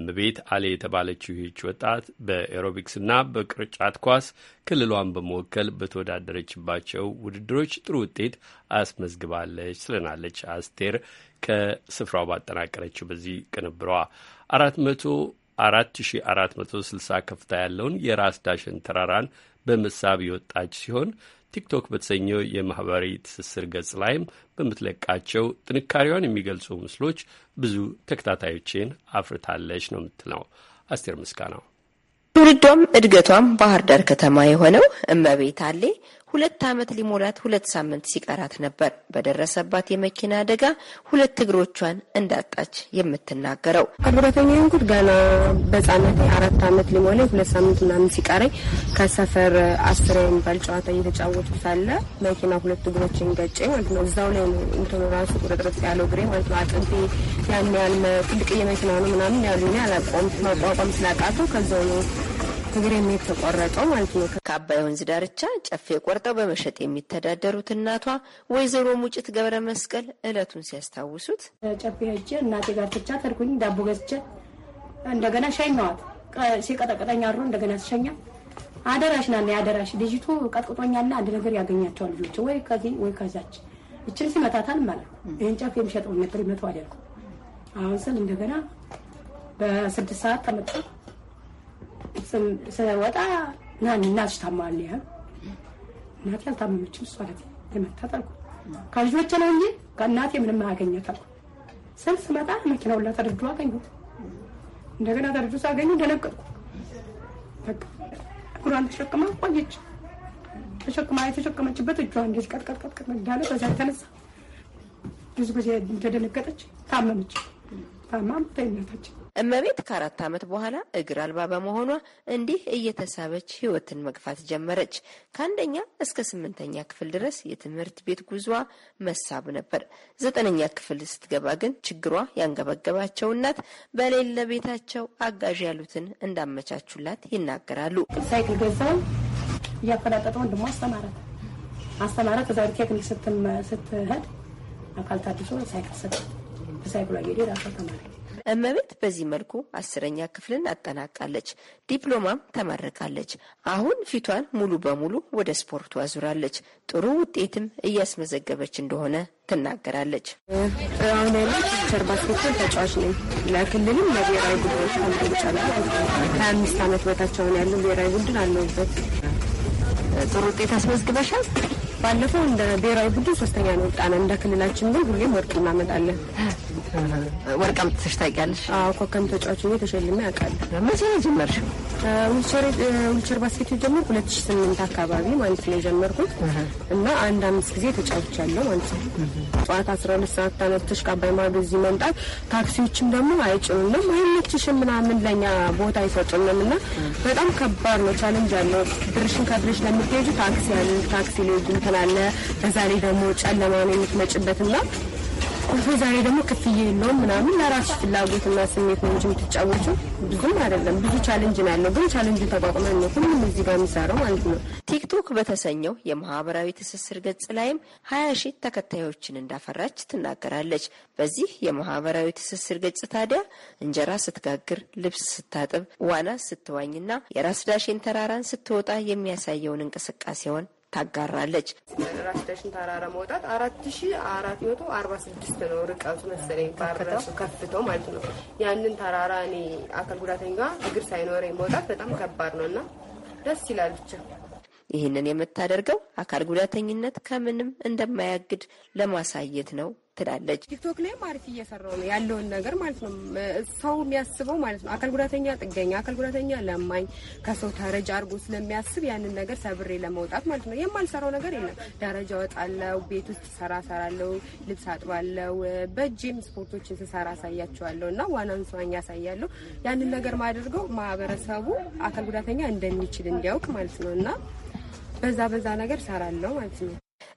S1: እመቤት አሌ የተባለችው ይህች ወጣት በኤሮቢክስና በቅርጫት ኳስ ክልሏን በመወከል በተወዳደረችባቸው ውድድሮች ጥሩ ውጤት አስመዝግባለች ስለናለች አስቴር ከስፍራው ባጠናቀረችው በዚህ ቅንብሯ አራት መቶ አራት ሺ አራት መቶ ስልሳ ከፍታ ያለውን የራስ ዳሽን ተራራን በመሳብ የወጣች ሲሆን ቲክቶክ በተሰኘው የማህበራዊ ትስስር ገጽ ላይም በምትለቃቸው ጥንካሬዋን የሚገልጹ ምስሎች ብዙ ተከታታዮችን አፍርታለች ነው የምትለው አስቴር ምስጋናው።
S13: ትውልዷም እድገቷም ባህር ዳር ከተማ የሆነው እመቤት አሌ ሁለት ዓመት ሊሞላት ሁለት ሳምንት ሲቀራት ነበር በደረሰባት የመኪና አደጋ ሁለት እግሮቿን እንዳጣች የምትናገረው።
S12: ከብረተኛ ንኩት ገና በህጻነት አራት ዓመት ሊሞላኝ ሁለት ሳምንት ምናምን ሲቀረኝ ከሰፈር አስር የሚባል ጨዋታ እየተጫወቱ ሳለ መኪና ሁለት እግሮችን ገጬ ማለት ነው። እዛው ላይ ነው እንትኑ ራሱ ቁርጥርጥ ያለው እግሬ ማለት ነው። አጥንቴ ያን ያህል ትልቅ የመኪና ነው ምናምን ያሉኝ
S13: አላቆም ማቋቋም ስላቃተው ከዛው ነው ትግሬም የተቆረጠው ማለት ነው። ከአባይ ወንዝ ዳርቻ ጨፌ ቆርጠው በመሸጥ የሚተዳደሩት እናቷ ወይዘሮ ሙጭት ገብረ መስቀል እለቱን ሲያስታውሱት ጨፌ ሄጄ እናቴ ጋር ትቻ ተድኩኝ ዳቦ ገዝቼ
S12: እንደገና ሸኘዋት። ሲቀጠቅጠኝ አድሮ እንደገና ትሸኛ አደራሽ ና አደራሽ ልጅቱ ቀጥቅጦኛና አንድ ነገር ያገኛቸዋል ልጆች ወይ ከዚህ ወይ ከዛች እችን ሲመታታል ማለት ይህን ጨፌ የሚሸጠው ነበር ይመተው አደልኩ አሁን ስል እንደገና በስድስት ሰዓት ተመጣ ስለወጣ ና እናትሽ ታማለ ያ እናቴ አልታመመችም። እሷ ለት የመታት አልኩ ከልጆቼ ነው እንጂ ከእናቴ ምንም አያገኘት አልኩ ስል ስመጣ መኪና ሁላ ተረዱ አገኙት። እንደገና ተረዱ ሳገኙ እንደነገጥኩ እግሯን ተሸክማ ቆየች። ተሸክማ የተሸከመችበት እጇ እንዴት ቀጥቀጥቀጥቀጥ እንዳለ በዛ የተነሳ ብዙ ጊዜ እንደደነገጠች ታመመች። ታማ ምታይነታችን
S13: እመቤት ከአራት ዓመት በኋላ እግር አልባ በመሆኗ እንዲህ እየተሳበች ህይወትን መግፋት ጀመረች። ከአንደኛ እስከ ስምንተኛ ክፍል ድረስ የትምህርት ቤት ጉዟ መሳብ ነበር። ዘጠነኛ ክፍል ስትገባ ግን ችግሯ ያንገበገባቸው እናት በሌለ ቤታቸው አጋዥ ያሉትን እንዳመቻቹላት ይናገራሉ። ሳይክል ገዛው እያፈላጠጠ ወንድሞ አስተማራት አስተማራት። ከዛ ቴክኒክ ስትሄድ
S12: አካል ታድሶ ሳይክል ሰጠ። በሳይክሏ ጌዴ ራሷ ተማሪ
S13: እመቤት በዚህ መልኩ አስረኛ ክፍልን አጠናቃለች። ዲፕሎማም ተመርቃለች። አሁን ፊቷን ሙሉ በሙሉ ወደ ስፖርቱ አዙራለች። ጥሩ ውጤትም እያስመዘገበች እንደሆነ ትናገራለች። አሁን ያለች ባስኬትቦል ተጫዋች ነኝ። ለክልልም ለብሔራዊ ቡድኖች
S12: አምጫለሁ። ሀያ አምስት ዓመት በታች ያለው ብሔራዊ ቡድን አለውበት ጥሩ ውጤት አስመዝግበሻል። ባለፈው እንደ ብሔራዊ ቡድን ሶስተኛ ነው ወጣነ። እንደ ክልላችን ግን ሁሌም ወርቅ እናመጣለን። ወርቅ አምጥተሽ ታውቂያለሽ? አዎ ኮከም ተጫዋች ነው ተሸልሜ አውቃለሁ። መቼ ነው የጀመርሽው? ዊልቸር ባስኬት ጀመርኩ ሁለት ሺ ስምንት አካባቢ ማለት ነው የጀመርኩት እና አንድ አምስት ጊዜ ተጫውቻለሁ ማለት ነው። ጠዋት አስራ ሁለት ሰዓት ተነስተሽ ከአባይ ማዶ እዚህ መምጣት ታክሲዎችም ደግሞ አይጭኑንም፣ አይመችሽም ምናምን ለእኛ ቦታ አይሰጡንም እና በጣም ከባድ ነው። ቻለንጅ አለው። ብርሽን ከብርሽ ለምትሄጁ ታክሲ ያለ ታክሲ ሊወዱ ትናለ በዛ ላይ ደግሞ ጨለማ ነው የምትመጭበት እና ይሄ ዛሬ ደግሞ ክፍያ የለውም ምናምን ለራስሽ ፍላጎትና ስሜት ነው እንጂ የምትጫወችው
S13: ብዙም አይደለም።
S12: ብዙ ቻለንጅ ነው ያለው፣ ግን ቻለንጅ ተቋቁመን ነው ሁሉም እዚህ ጋር የሚሰራው
S13: ማለት ነው። ቲክቶክ በተሰኘው የማህበራዊ ትስስር ገጽ ላይም ሀያ ሺህ ተከታዮችን እንዳፈራች ትናገራለች። በዚህ የማህበራዊ ትስስር ገጽ ታዲያ እንጀራ ስትጋግር፣ ልብስ ስታጥብ፣ ዋና ስትዋኝና የራስ ዳሽን ተራራን ስትወጣ የሚያሳየውን እንቅስቃሴውን ታጋራለች።
S12: ራሽዳሽን ተራራ መውጣት አራት ሺ አራት መቶ አርባ ስድስት ነው ርቀቱ መሰለኝ ባረሱ ከፍተው ማለት ነው። ያንን ተራራ እኔ አካል ጉዳተኛ እግር ሳይኖረኝ መውጣት በጣም ከባድ ነው እና ደስ ይላል ብቻ
S13: ይህንን የምታደርገው አካል ጉዳተኝነት ከምንም እንደማያግድ ለማሳየት ነው ትላለች።
S12: ቲክቶክ ላይም አሪፍ እየሰራው ነው ያለውን ነገር ማለት ነው። ሰው የሚያስበው ማለት ነው አካል ጉዳተኛ ጥገኛ፣ አካል ጉዳተኛ ለማኝ፣ ከሰው ተረጃ አድርጎ ስለሚያስብ ያንን ነገር ሰብሬ ለመውጣት ማለት ነው። የማልሰራው ነገር የለም። ደረጃ ወጣለው፣ ቤት ውስጥ ሰራ ሰራለው፣ ልብስ አጥባለው፣ በእጅም ስፖርቶችን ስሰራ አሳያቸዋለሁ እና ዋናን ስዋኝ ያሳያለሁ። ያንን ነገር ማድርገው ማህበረሰቡ አካል ጉዳተኛ እንደሚችል እንዲያውቅ ማለት ነው እና በዛ በዛ ነገር ሰራለው ማለት ነው።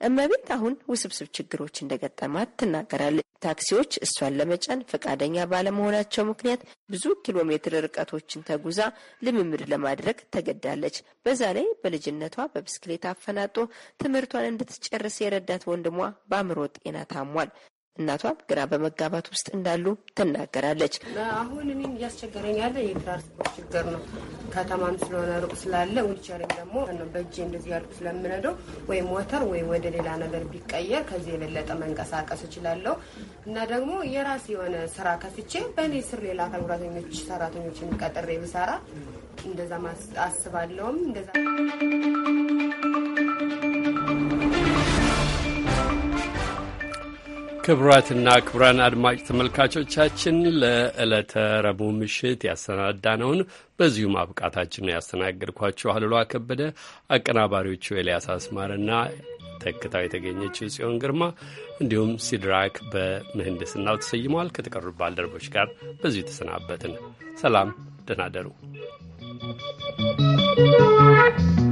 S13: እመቤት አሁን ውስብስብ ችግሮች እንደገጠማት ትናገራለች። ታክሲዎች እሷን ለመጫን ፈቃደኛ ባለመሆናቸው ምክንያት ብዙ ኪሎ ሜትር ርቀቶችን ተጉዛ ልምምድ ለማድረግ ተገዳለች። በዛ ላይ በልጅነቷ በብስክሌት አፈናጦ ትምህርቷን እንድትጨርስ የረዳት ወንድሟ በአእምሮ ጤና ታሟል። እናቷም ግራ በመጋባት ውስጥ እንዳሉ ትናገራለች።
S12: አሁን እኔም እያስቸገረኝ ያለ የትራንስፖርት ችግር ነው። ከተማም ስለሆነ ሩቅ ስላለ ዊልቸርም ደግሞ በእጄ እንደዚህ ያልኩ ስለምነደው ወይ ሞተር ወይ ወደ ሌላ ነገር ቢቀየር ከዚህ የበለጠ መንቀሳቀስ እችላለሁ እና ደግሞ የራስ የሆነ ስራ ከፍቼ በእኔ ስር ሌላ አካል ጉዳተኞች ሰራተኞችን ቀጥሬ ብሰራ እንደዛ አስባለውም እንደዛ
S1: ክቡራትና ክቡራን አድማጭ ተመልካቾቻችን ለዕለተ ረቡዕ ምሽት ያሰናዳነውን በዚሁ ማብቃታችን ነው። ያስተናገድኳችሁ አሉላ ከበደ፣ አቀናባሪዎቹ ኤልያስ አስማርና ተክታው የተገኘችው ጽዮን ግርማ እንዲሁም ሲድራክ በምህንድስናው ተሰይመዋል። ከተቀሩ ባልደረቦች ጋር በዚሁ ተሰናበትን። ሰላም፣ ደህና
S3: you.